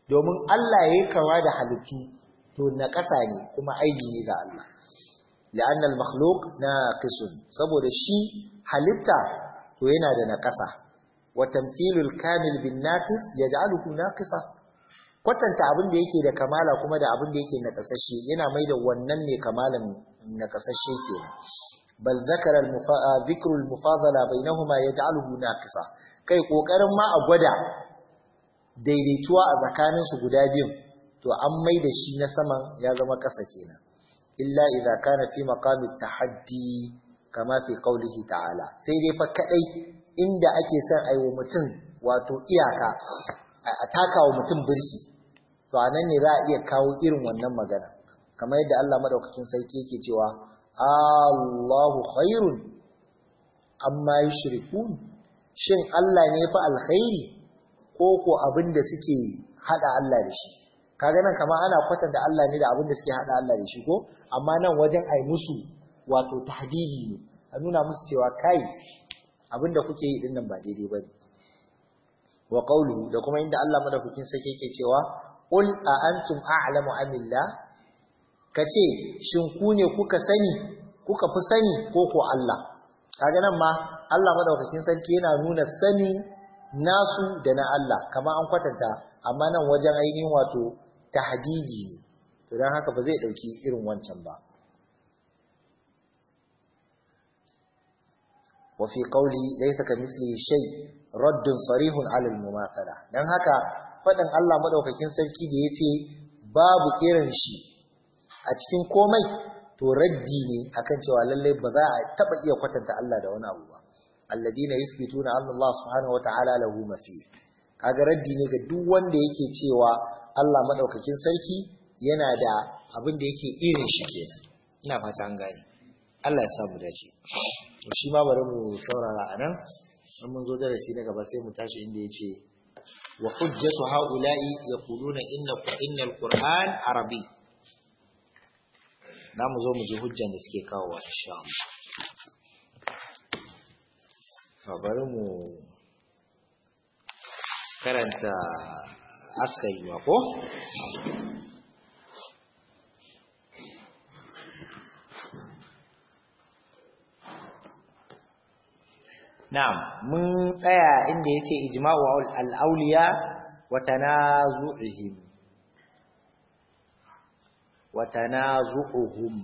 S1: domin Allah ya yi kama da halittu to na ƙasa ne kuma aiki ne ga Allah la'annal makhluq na kisun saboda shi halitta to yana da na ƙasa wa kamil bin naqis yaj'aluhu naqisa kwatanta abin da yake da kamala kuma da abin da yake na kasashe yana mai da wannan ne kamalan na ke nan. bal zakara al huma ya ji bainahuma yaj'aluhu kai ƙoƙarin ma a gwada daidaituwa a tsakaninsu guda biyun to an mai da shi na saman ya zama ƙasa kenan illa idza kana fi maqami tahaddi kama fi qawlihi ta'ala sai dai fa kadai inda ake son ayi wa mutum wato iyaka a taka wa mutum birki to anan ne za a iya kawo irin wannan magana kamar yadda Allah madaukakin sarki yake cewa Allahu khairun amma yushrikun shin Allah ne fa alkhairi ko ko abin da suke hada Allah da shi kaga nan kamar ana da Allah ne da abin da suke hada Allah da shi ko amma nan wajen ai musu wato tahdidi ne a nuna musu cewa kai abin da kuke yi dinnan ba daidai ba wa qawlu da kuma inda Allah madaukakin sake yake cewa qul a antum a'lamu amillah kace shin ku ne kuka sani kuka fi sani ko ko Allah kaga nan ma Allah madaukakin sarki yana nuna sani. nasu da na Allah kama an kwatanta amma nan wajen ainihin wato tahdidi ne to don haka ba zai ɗauki irin wancan ba wa fi qawli laysa misli shay raddun sarihun ala al-mumathala dan haka fadin Allah maɗaukakin sarki da ya ce babu irin shi a cikin komai to raddi ne akan cewa lalle ba za a taba iya kwatanta Allah da wani abu ba alladina yusbituna anna Allah subhanahu wataala lahu mafi kaga raddi ne ga duk wanda yake cewa Allah madaukakin sarki yana da abin da yake irin shi kenan ina fata an gane Allah ya samu dace to shi ma bari mu saurara anan in mun zo darasi na gaba sai mu tashi inda yace wa hujjatu haula'i yaquluna inna innal qur'an arabi namu zo mu ji hujjan da suke wa insha Allah bari mu karanta askari ba ko na'am mun tsaya inda yake ijma'u al-awliya wa tanazuhum wa tanazuhum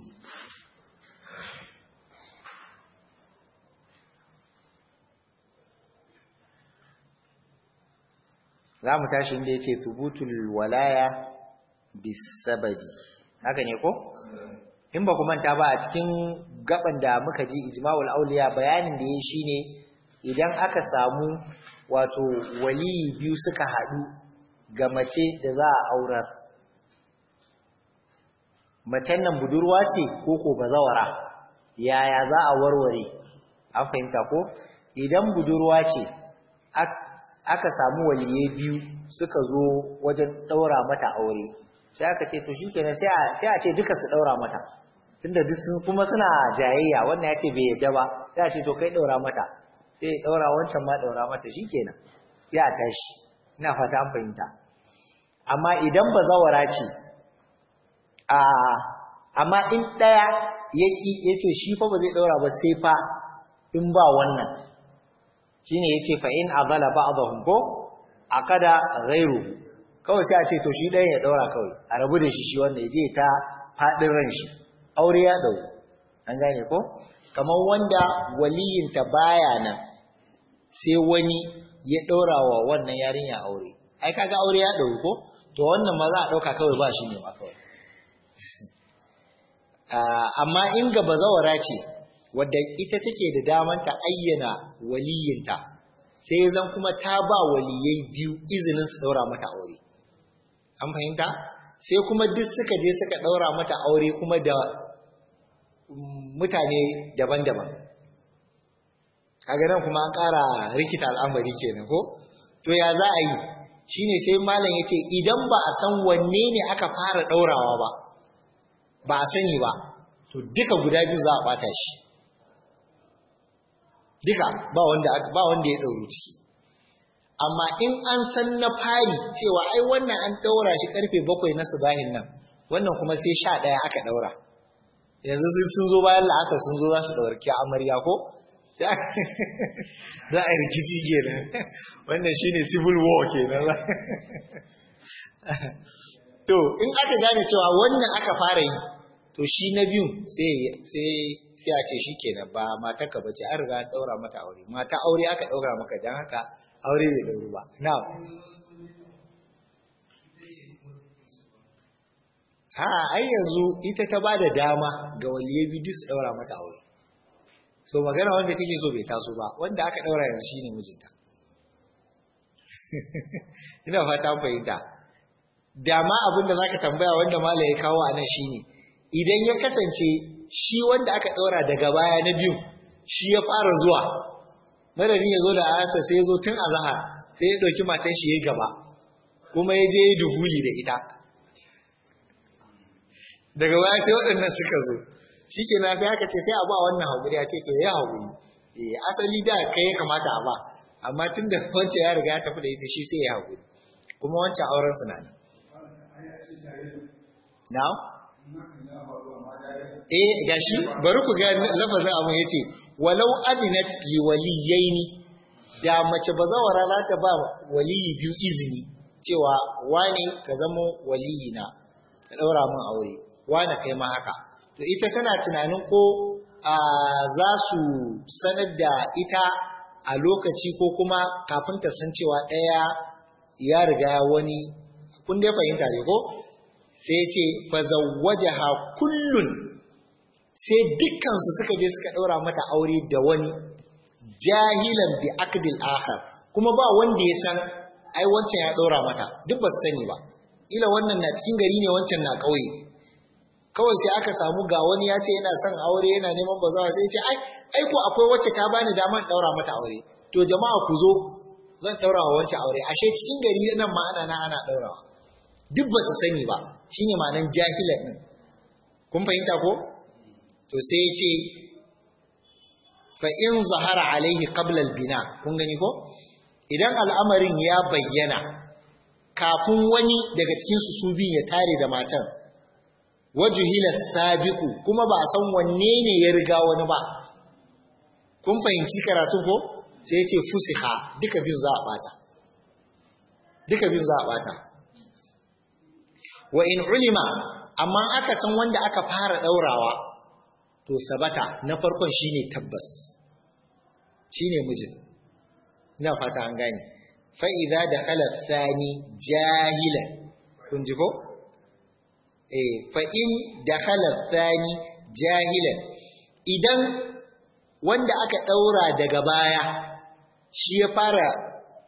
S1: za mu tashi inda ya ce tubutul walaya bisababi haka ne ko in ba ku manta ba a cikin gaban da muka ji ijma'ul auliya bayanin da ya shine idan aka samu wato wali biyu suka haɗu ga mace da za a aurar macen nan budurwa ce ko ko bazawara yaya za a warware an fahimta ko idan budurwa ce aka samu waliye biyu suka zo wajen ɗaura mata aure sai aka ce to shikenan sai a ce duka su ɗaura mata tunda duk sun kuma suna jayayya wannan yace bai yadda ba sai a ce to kai ɗaura mata sai ɗaura wancan ma ɗaura mata shikenan sai a tashi ina fata an fahimta amma idan ba zawara ce a amma in ɗaya yake yace shi fa ba zai ɗaura ba sai fa in ba wannan Shi ne shine yace zala ba a ba'dahum ko A kada rairu kawai sai a ce to shi ɗaya ya ɗaura kawai a rabu da shi shi wanda ya je ta faɗin ran shi aure ya ɗau an gane ko kamar wanda waliyinta baya nan sai wani ya ɗaura wa wannan yarinya aure ai kaga aure ya ɗau ko to wannan ma za a ɗauka kawai ba shi ne ma kawai ah, amma in gaba zawara ce wadda ita take da daman ta ayyana waliyinta sai zan kuma ta ba waliyai biyu izinin su daura mata aure an fahimta sai kuma duk suka je suka daura mata aure kuma da mutane daban-daban kaga nan kuma an kara rikita al'amari kenan ko to ya za a yi shine sai malam ya ce idan ba a san wanne ne aka fara daurawa ba ba a sani ba to duka guda biyu za a bata shi duka ba wanda ba wanda ya ɗauri ciki amma in an san na fari cewa ai wannan an daura shi karfe bakwai na subahin nan wannan kuma sai sha aka daura, yanzu sun zo bayan la'asar sun zo za su ɗaurki amarya ko za a rikici kenan wannan shine civil war kenan to in aka gane cewa wannan aka fara yi to shi na biyu sai sai a ce shi kenan ba mata ka bace an riga daura mata aure mata aure aka daura maka dan haka aure bai dauru ba na ha ai yanzu ita ta bada dama ga waliyai duk su daura mata aure so magana wanda kike so bai taso ba wanda aka daura yanzu shine mijinta ina fata fahimta dama abin da zaka tambaya wanda mala ya kawo anan shine idan ya kasance shi wanda aka ɗaura daga baya na biyu shi ya fara zuwa madadin ya zo da ayasa sai ya zo tun a zahar sai ya ɗauki matan shi ya gaba kuma ya je ya duhuli da ita daga baya sai waɗannan suka zo shi ke sai aka ce sai a ba wannan haguri a ce to ya haƙuri eh, asali da kai ya kamata a ba amma tun da wancan ya riga ya tafi da ita shi sai ya haguri kuma wancan auren su na nan now eh gashi bari ku ga lafazin abin yace walau adinat li waliyaini da mace bazawara za ta ba waliyi biyu izini cewa wani ka zama waliyina ka daura min aure wani kai ma haka to ita tana tunanin ko a za su sanar da ita a lokaci ko kuma kafin ta san cewa ɗaya ya riga wani kun dai fahimta ne ko sai ya ce fa zawwajaha kullun sai dukkansu suka je suka ɗora mata aure da wani jahilan bi akdil ahar kuma ba wanda ya san ai wancan ya ɗora mata duk ba su sani ba ila wannan na cikin gari ne wancan na ƙauye kawai sai aka samu ga wani ya ce yana son aure yana neman bazawa sai ya ce ai ai ko akwai wacce ta bani in ɗaura mata aure to jama'a ku zo zan ɗaura wa wancan aure ashe cikin gari nan ma ana na ana ɗaurawa duk ba su sani ba shine ma'anan jahilan din kun fahimta ko to sai ce fa in zahara alaihi qabla bina kun gani ko idan al'amarin ya bayyana kafin wani daga cikin su su biyu ya tare da matan wajuhila sabiqu kuma ba a san wanne ne ya riga wani ba kun fahimci karatu ko sai ce fusiha duka biyu za a bata duka biyu za a bata wa in ulima amma aka san wanda aka fara daurawa to sabata na farkon shine tabbas shine mijin ina fata an gane fa idza dakhala thani jahilan kun ji ko eh fa in dakhala thani jahilan idan wanda aka daura daga baya shi ya fara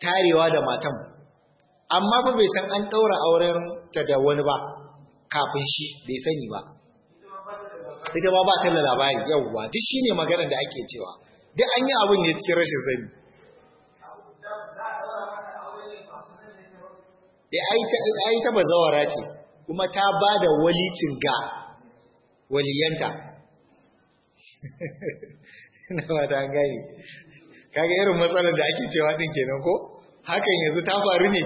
S1: tarewa da matan amma ba bai san an daura auren ta da wani ba kafin shi bai sani ba ita ma ba ta da labari yawwa duk shine maganar da ake cewa duk an yi abin ne cikin rashin sani eh, aita aita bazawara ce kuma ta ba da walicin ga waliyanta na ba ta gani kaga irin matsalar da ake cewa din kenan ko hakan yanzu ta faru ne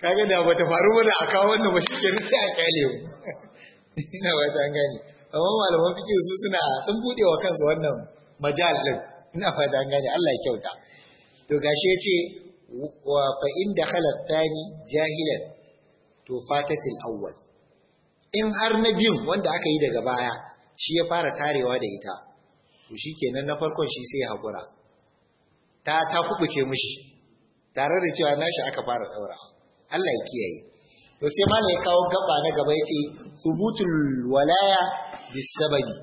S1: kaga da bata faru ba da aka wannan ba shi kenan sai a kyale mu ina ba ta gani amma malaman fiqh su suna sun buɗe wa kansu wannan majal ɗin, ina fata an gane Allah ya kyauta to gashi yace wa fa in khalat tani jahilan to fatatil awwal in har na biyun wanda aka yi daga baya shi ya fara tarewa da ita to shikenan na farkon shi sai hakura ta ta kubuce mishi tare da cewa nashi aka fara daura Allah ya kiyaye to sai malai kawo gaba na gaba yace subutul walaya bisababi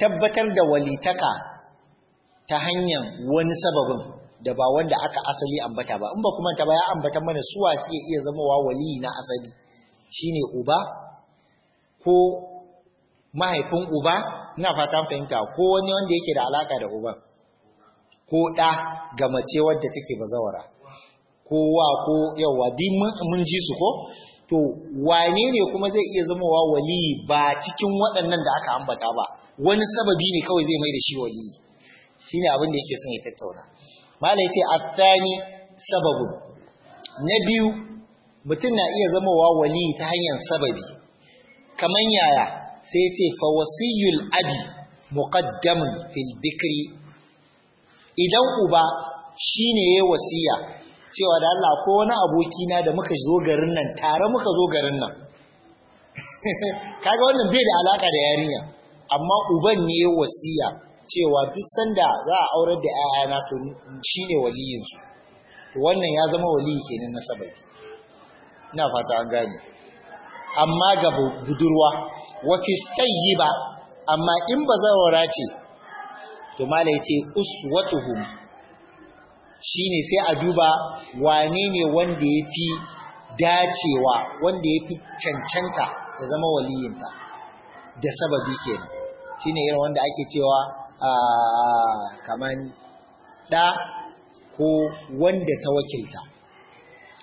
S1: tabbatar da walitaka ta hanyar wani sababin da ba wanda aka asali ambata ba in ba kuma ta ba ya ambata mana suwa suke iya zamowa wali na asali shine uba ko mahaifin uba ina fatan fahimta ko wani wanda yake da alaka da uba? ko ɗa ga mace wadda take bazawara kowa ko yawa din mun ji su ko to wane ne kuma zai iya zama wa wali ba cikin waɗannan da aka ambata ba wani sababi ne kawai zai mai da shi wali shine abin da yake son ya tattauna mala yace athani sababu na biyu mutum na iya zama wa wali ta hanyar sababi kaman yaya sai yace fa wasiyul abi muqaddamun fil idan uba shine yayi wasiya cewa da Allah ko wani abokina da muka zo garin nan tare muka zo garin nan kaga wannan bai da alaka da yarinya amma uban ne wasiya cewa duk sanda za a aurar da 'ya'yana, to shine waliyin su to wannan ya zama waliyi kenan na saba'i. ina fata an gane amma ga budurwa wa yi sayyiba amma in bazawara ce to mala yace uswatuhum Shi ne sai a duba wane ne wanda ya fi dacewa wanda ya fi cancanta da zama waliyinta da sababi kenan ne yana wanda ake cewa a kamar ɗa ko wanda ta wakilta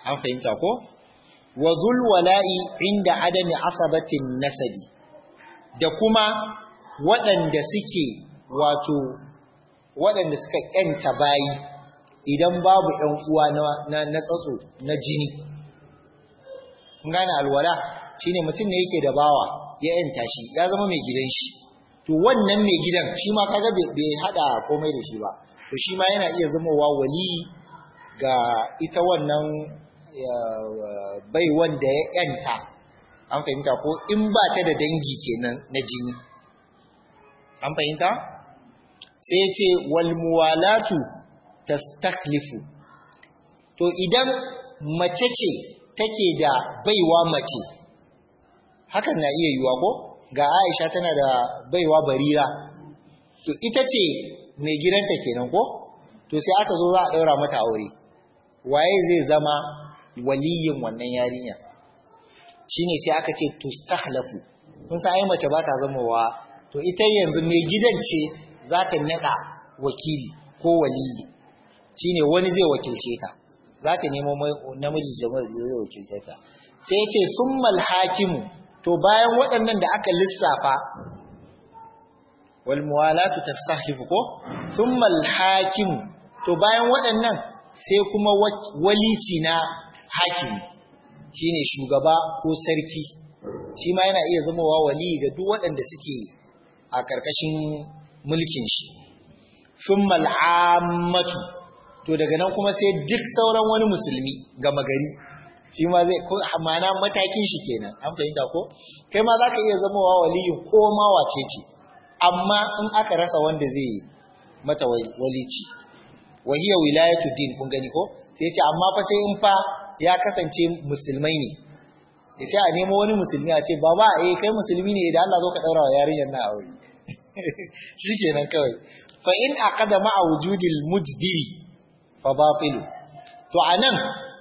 S1: an fahimta ko wa wala'i inda adami asabatin nasabi da kuma waɗanda suke wato waɗanda suka ƙyanta bayi idan babu ‘yan uwa na tsatso na jini gane alwala shi ne mutum ne yake da bawa ya ‘yanta shi ya zama mai gidan shi to wannan mai gidan shi ma kaga bai haɗa komai da shi ba to shi ma yana iya wa wali ga ita wannan bai wanda ya ‘yanta an fahimta ko in ba ta da dangi kenan na jini an fahimta sai ce walmuwalatu tastakhlifu to idan mace ce take da baiwa mace hakan na iya yiwa ko ga Aisha tana da baiwa barira to ita ce mai gidanta kenan ko to sai aka zo za a daura mata aure waye zai zama waliyin wannan yarinya shine sai aka ce tustahlafu kun sai ai mace ba ta zama wa to ita yanzu mai gidan ce za ta naɗa wakili ko waliyi shine wani zai wakilce ta za ta nemo namiji zai wakilce ta sai ya ce summal hakimu to bayan waɗannan da aka lissafa wal muwalatu tastahifu ko summal hakimu to bayan waɗannan sai kuma walici na hakimi shine shugaba ko sarki shi ma yana iya zamowa wali ga duk waɗanda suke a ƙarƙashin mulkin shi summal ammatu to daga nan kuma sai duk sauran wani musulmi gama gari shi ma zai ko ma'ana matakin shi kenan an fahimta ko kai ma zaka iya zama wa waliyi ko ma wace ce amma in aka rasa wanda zai yi, mata walici wa hiya wilayatu din kun gani ko sai ce amma fa sai in fa ya kasance musulmai ne sai a nemo wani musulmi a ce baba eh kai musulmi ne da Allah zo ka daura wa yarinyar na aure shikenan kawai fa in aqada ma'a wujudil mujbiri fa batilu to anan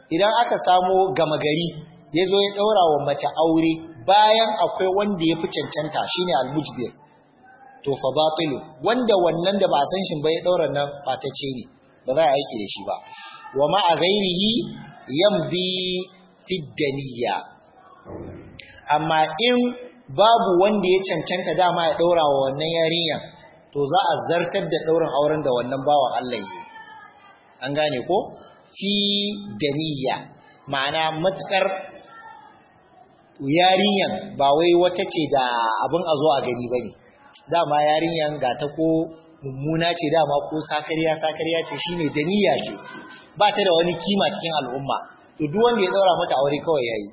S1: idan aka samu gama gari ya zo ya daura wa mace aure bayan akwai wanda ya fi cancanta shine almujbir to fa batilu wanda wannan da ba san shin ba ya daura nan ce ne ba za a aiki da shi ba wa ma ghairihi yamdi fi daniya amma in babu wanda ya cancanta dama ya daura wa wannan yarinyar to za a zartar da daurin auren da wannan bawan Allah yi an gane ko fi daniyya ma'ana matukar yarinyan ba wai wata ce da abin a zo a gani ba ne dama yarinyan ga ta ko mummuna ce dama ko sakariya sakariya ce shine daniyya ce ba ta da wani kima cikin al'umma to duk wanda ya daura mata aure kawai yayi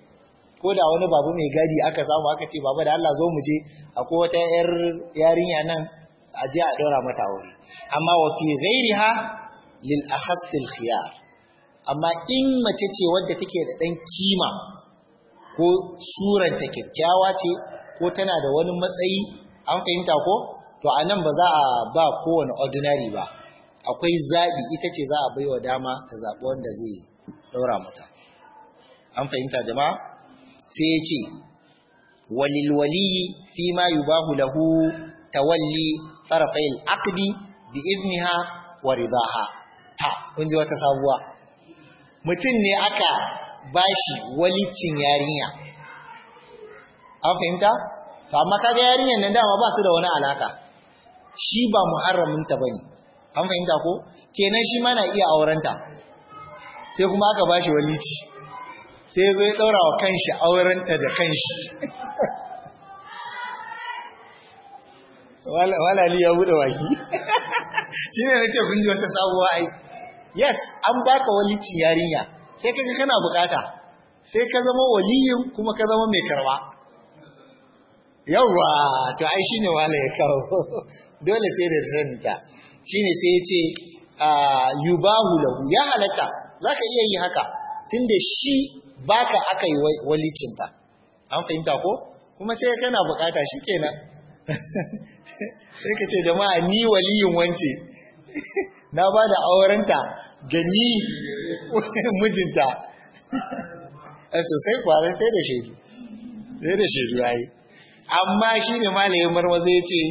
S1: ko da wani babu mai gadi aka samu aka ce baba da Allah zo mu je akwai wata yar yarinya nan a je a daura mata aure amma wa fi ghairiha lil ahassil khiyar amma in mace ce wadda take da ɗan kima ko suranta kyakkyawa ce ko tana da wani matsayi an fahimta ko to a nan ba za a ba kowane ordinary ba akwai zaɓi ita ce za a bai wa dama ta zaɓi wanda zai ɗaura mata an fahimta jama'a sai ya ce walil waliyi fi ma yubahu lahu tawalli tarafai al-aqdi bi izniha wa ridaha ta kun ji wata sabuwa mutum ne aka bashi walicin yarinya an fahimta to amma kaga yarinyar nan dama ba su da wani alaka shi ba ba bane an fahimta ko kenan shi ma na iya aurenta sai kuma aka bashi walici sai ya zo ya daura wa kanshi aurenta da kanshi walali ya bude waki na ce kun ji wata sabuwa ai yes an baka walicin yarinya sai kaga kana bukata sai ka zama waliyin kuma ka zama mai karwa yawwa to ai shine wala ya kawo dole sai da zanta shine sai yace ah, yubahu lahu ya halatta zaka iya yi haka tunda shi baka aka yi walicin ta an fahimta ko kuma sai kana bukata shikenan sai ka ce jama'a ni waliyin wance na ba da aurenta gani mijinta eh, sosai kwara sai da shaidu sai da shaidu ya yi amma shi ne malayin marmaza ya ce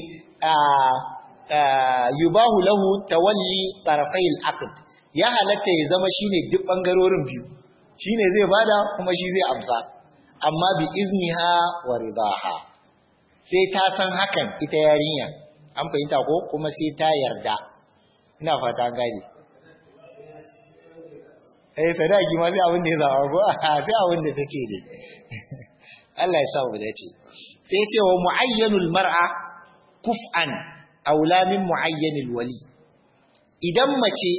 S1: yubahu lahu tawalli tarafayil Akut. ya halatta ya zama shine duk bangarorin biyu shine zai bada kuma shi zai amsa amma bi izini ha wa ridaha sai ta san hakan ita yarinya an fahimta ko kuma sai ta yarda ina fata gari eh sadaki ma sai abin da ya zaba ko sai abin da take ne Allah ya sa mu dace sai ce wa muayyanul mar'a kuf'an aula min muayyanil wali idan mace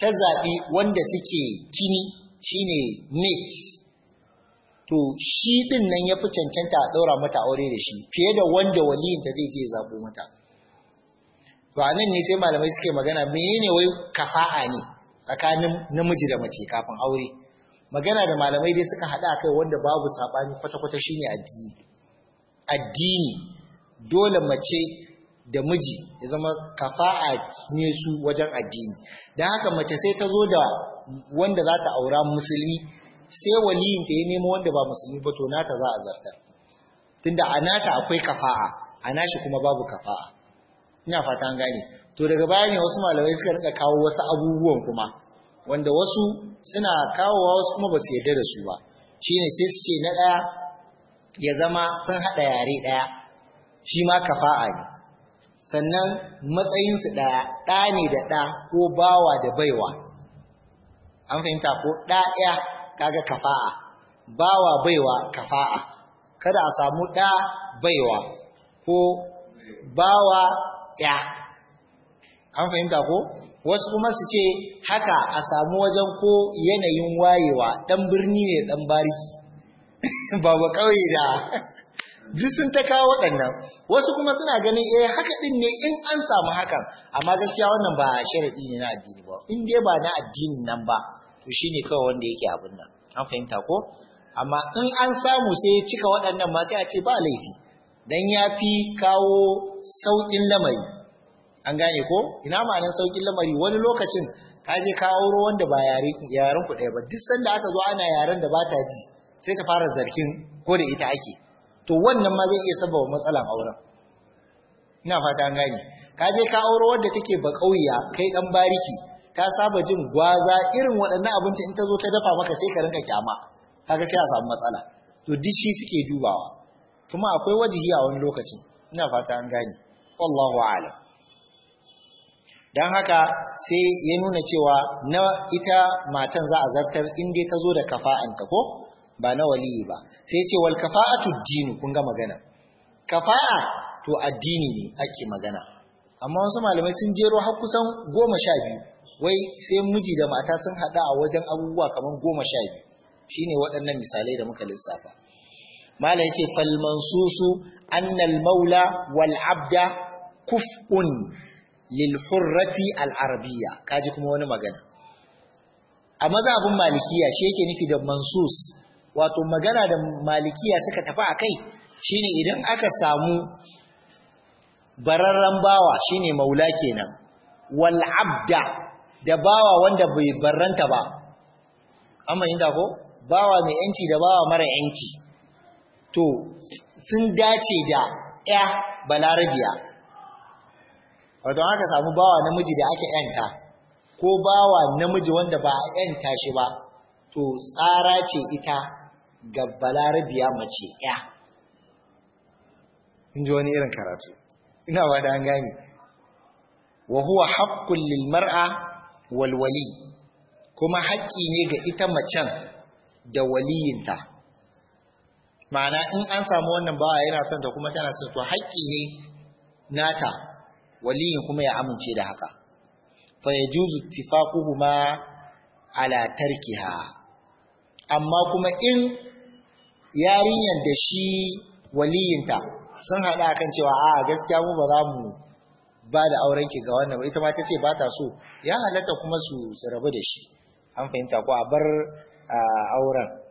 S1: ta zabi wanda suke kini shine mate to shi din nan ya fi cancanta a daura mata aure da shi fiye da wanda waliyin ta zai je zabo mata to a nan ne sai malamai suke magana menene wai kafa'a ne tsakanin namiji da mace kafin aure magana da malamai dai suka haɗa kai wanda babu saɓani kwata-kwata shine addini addini dole mace da miji ya zama kafa'a ne su wajen addini don haka mace sai ta zo da wanda za ta aura musulmi sai waliyin ta ya nemo wanda ba musulmi ba to nata za a zartar tunda a nata akwai kafa'a a nashi kuma babu kafa'a ina fata an gane to daga baya ne wasu malamai suka rinka kawo wasu abubuwan kuma wanda wasu suna kawowa wasu kuma ba su yarda da su ba shine sai su ce na ɗaya ya zama sun haɗa yare ɗaya shi ma kafa'a ne sannan matsayinsu ɗaya ɗa ne da ɗa ko bawa da baiwa an fahimta ko daya kaga kafa'a bawa baiwa kafa'a kada a samu ɗa baiwa ko bawa ɗaya an fahimta ko wasu kuma su ce haka a samu wajen ko yanayin wayewa ɗan birni ne ɗan bariki babu ƙauye da duk sun ta kawo waɗannan wasu kuma suna ganin eh haka ɗin ne in an samu hakan amma gaskiya wannan ba sharaɗi ne na addini ba in dai ba na addinin nan ba to shi ne kawai wanda yake abin nan an fahimta ko amma in an samu sai ya cika waɗannan ma sai a ce ba laifi don ya fi kawo sauƙin lamari an gane ko ina ma'anin sauƙin lamari wani lokacin ka je ka auro wanda ba yaren ku ɗaya ba duk sanda aka zo ana yaren da ba ta ji sai ka fara zargin ko da ita ake to wannan ma zai iya sababa matsalan auren ina fata an gane ka je ka auro wanda take ba ƙauya kai dan bariki ta saba jin gwaza irin waɗannan abinci in ta zo ta dafa maka sai ka rinka kyama kaga sai a samu matsala to duk shi suke dubawa kuma akwai wajihi a wani lokaci ina fata an gane wallahu a'lam dan haka sai ya nuna cewa na ita matan za a zartar in dai ta zo da kafa'anta ko ba na waliyi ba sai ya ce wal kafa'atu dinu kun ga magana kafa'a to addini ne ake magana amma wasu malamai sun jero har kusan goma sha biyu wai sai miji da mata sun haɗa a wajen abubuwa kamar goma sha biyu shine waɗannan misalai da muka lissafa mala yace Falmansusu, Annal, maula wal abda kuf'un lil hurrati al arabiyya kaji kuma wani magana a mazhabin malikiya shi yake nufi da mansus wato magana da malikiya suka tafi akai shine idan aka samu bararren bawa shine maula kenan wal abda da bawa wanda bai barranta ba amma inda ko bawa mai yanci da bawa mara yanci to sun dace da ya balarabiya wato haka samu bawa namiji da ake yanta ko bawa namiji wanda ba a yanta shi ba to tsara ce ita ga balarabiya mace ya in ji wani irin karatu ina ba da an gane wa huwa haƙƙun lilmar'a walwali, kuma haƙƙi ne ga ita macen da waliyinta ma'ana in an samu wannan bawa yana son ta kuma tana son to haƙƙi ne nata waliyin kuma ya amince da haka fa yajuzu ittifaquhuma ala tarkiha amma kuma in yarinyar da shi waliyinta sun haɗa kan cewa a gaskiya mu ba za mu ba da auren ki ga wannan ita ma tace ba ta so ya halatta kuma su rabu da shi an fahimta ko a bar auren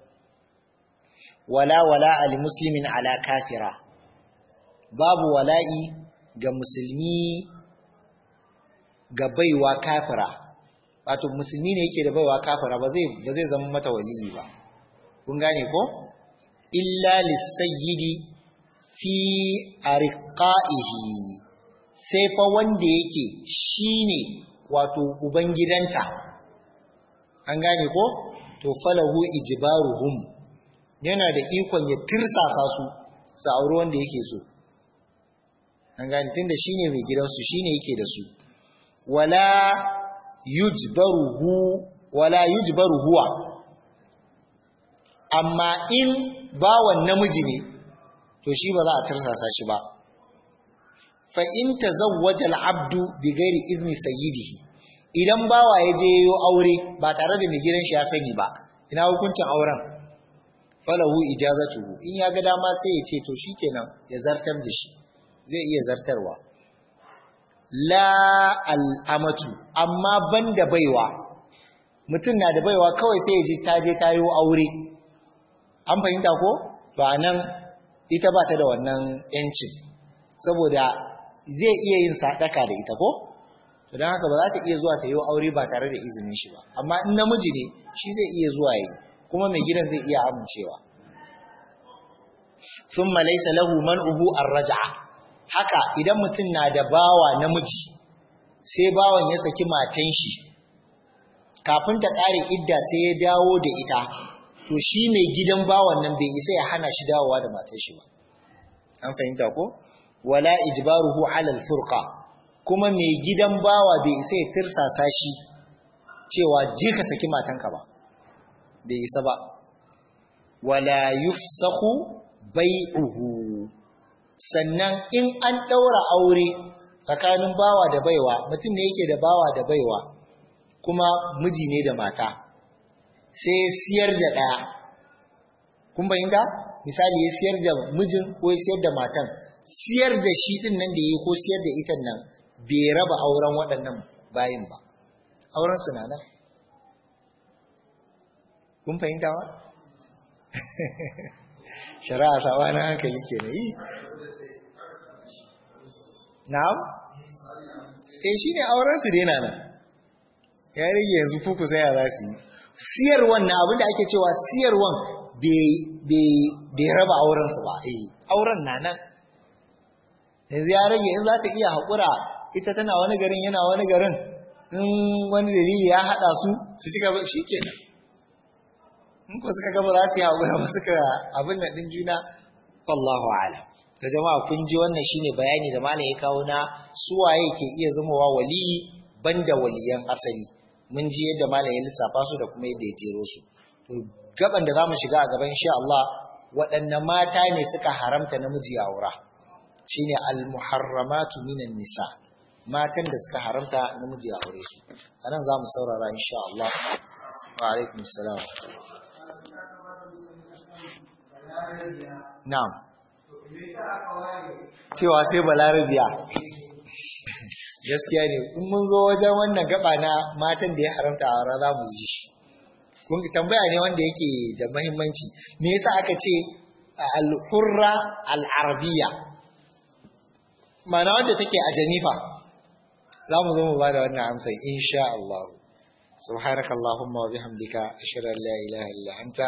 S1: wala wala al muslimin ala kafira babu wala'i ga musulmi ga baiwa kafira wato musulmi ne yake da baiwa kafira ba zai ba zai zama mata waliyi ba kun gane ko illa lisayyidi fi arqaihi sai fa wanda yake shine wato ubangidanta an gane ko to falahu ijbaruhum yana da ikon ya tirsasa su su auri wanda yake so an da tunda shine mai gidansu shine yake da su wala yujbaruhu wala yujbaru amma in bawan namiji ne to shi ba za a tirsasa shi ba fa in tazawwaja al-abdu bi ghairi izni sayyidihi idan bawa ya je yo aure ba tare da mai gidan ya sani ba ina hukuncin auren falahu ijazatuhu in ya ga dama sai ya ce to shikenan ya zartar da shi zai iya zartarwa la al'amatu amma banda baiwa mutum na da baiwa kawai sai ya ji ta je ta yi aure an fahimta ko ba nan ita ba ta da wannan yancin saboda zai iya yin sadaka da ita ko to don haka ba za ta iya zuwa ta yi aure ba tare da izinin shi ba amma in namiji ne shi zai iya zuwa yi kuma mai gidan zai iya amincewa thumma laysa lahu man'uhu an raja haka idan mutum na da bawa namiji sai bawan ya saki matan shi kafin ta ƙare idda sai ya dawo da ita to shi mai gidan bawan nan bai isa ya hana shi dawowa da matan shi ba an fahimta ko wala ijbaruhu ala al-furqa kuma mai gidan bawa bai isa ya tirsasa shi cewa je ka saki matanka ba bai isa ba wala yufsahu bai'uhu sannan in an daura aure tsakanin bawa da baiwa mutum ne yake da bawa da baiwa kuma miji ne da mata sai siyar da daya kun bayyana misali ya siyar da mijin ko ya siyar da matan siyar da shi din nan da yi ko siyar da ita nan bai raba auren waɗannan bayin ba auren su na nan kun fahimta ba shari'a na hankali ke na yi na'am eh, shi shine auren su dena nan ya rage yanzu kuku ku saya za su yi siyarwan na abinda ake cewa siyarwan bai raba auren su ba eh auren na nan yanzu ya rage in za ta iya haƙura ita tana wani garin yana wani garin in wani dalili ya haɗa su su cika shi kenan in ko suka gaba za su yi haƙura ba suka abin da ɗin juna wallahu ala ta jama'a kun ji wannan shine bayani da malam ya kawo na waye ke iya zama wali waliyi banda waliyan asali mun ji yadda malam ya lissafa su da kuma yadda ya jero su to gaban da zamu shiga a gaban insha Allah waɗanne mata ne suka haramta namiji a aura shine al-muharramatu minan nisa matan da suka haramta namiji ya aure su anan zamu saurara insha Allah wa salam na'am cewa sai balarabiya gaskiya ne in mun zo wajen wannan gaba na matan da ya haramta a za mu ji shi kun tambaya ne wanda yake da mahimmanci. me yasa aka ce al-hurra al arabiya Mana wanda take a janifa za mu zo mu ba wannan amsa insha Allah subhanakallahumma wa bihamdika ashhadu an la ilaha illa anta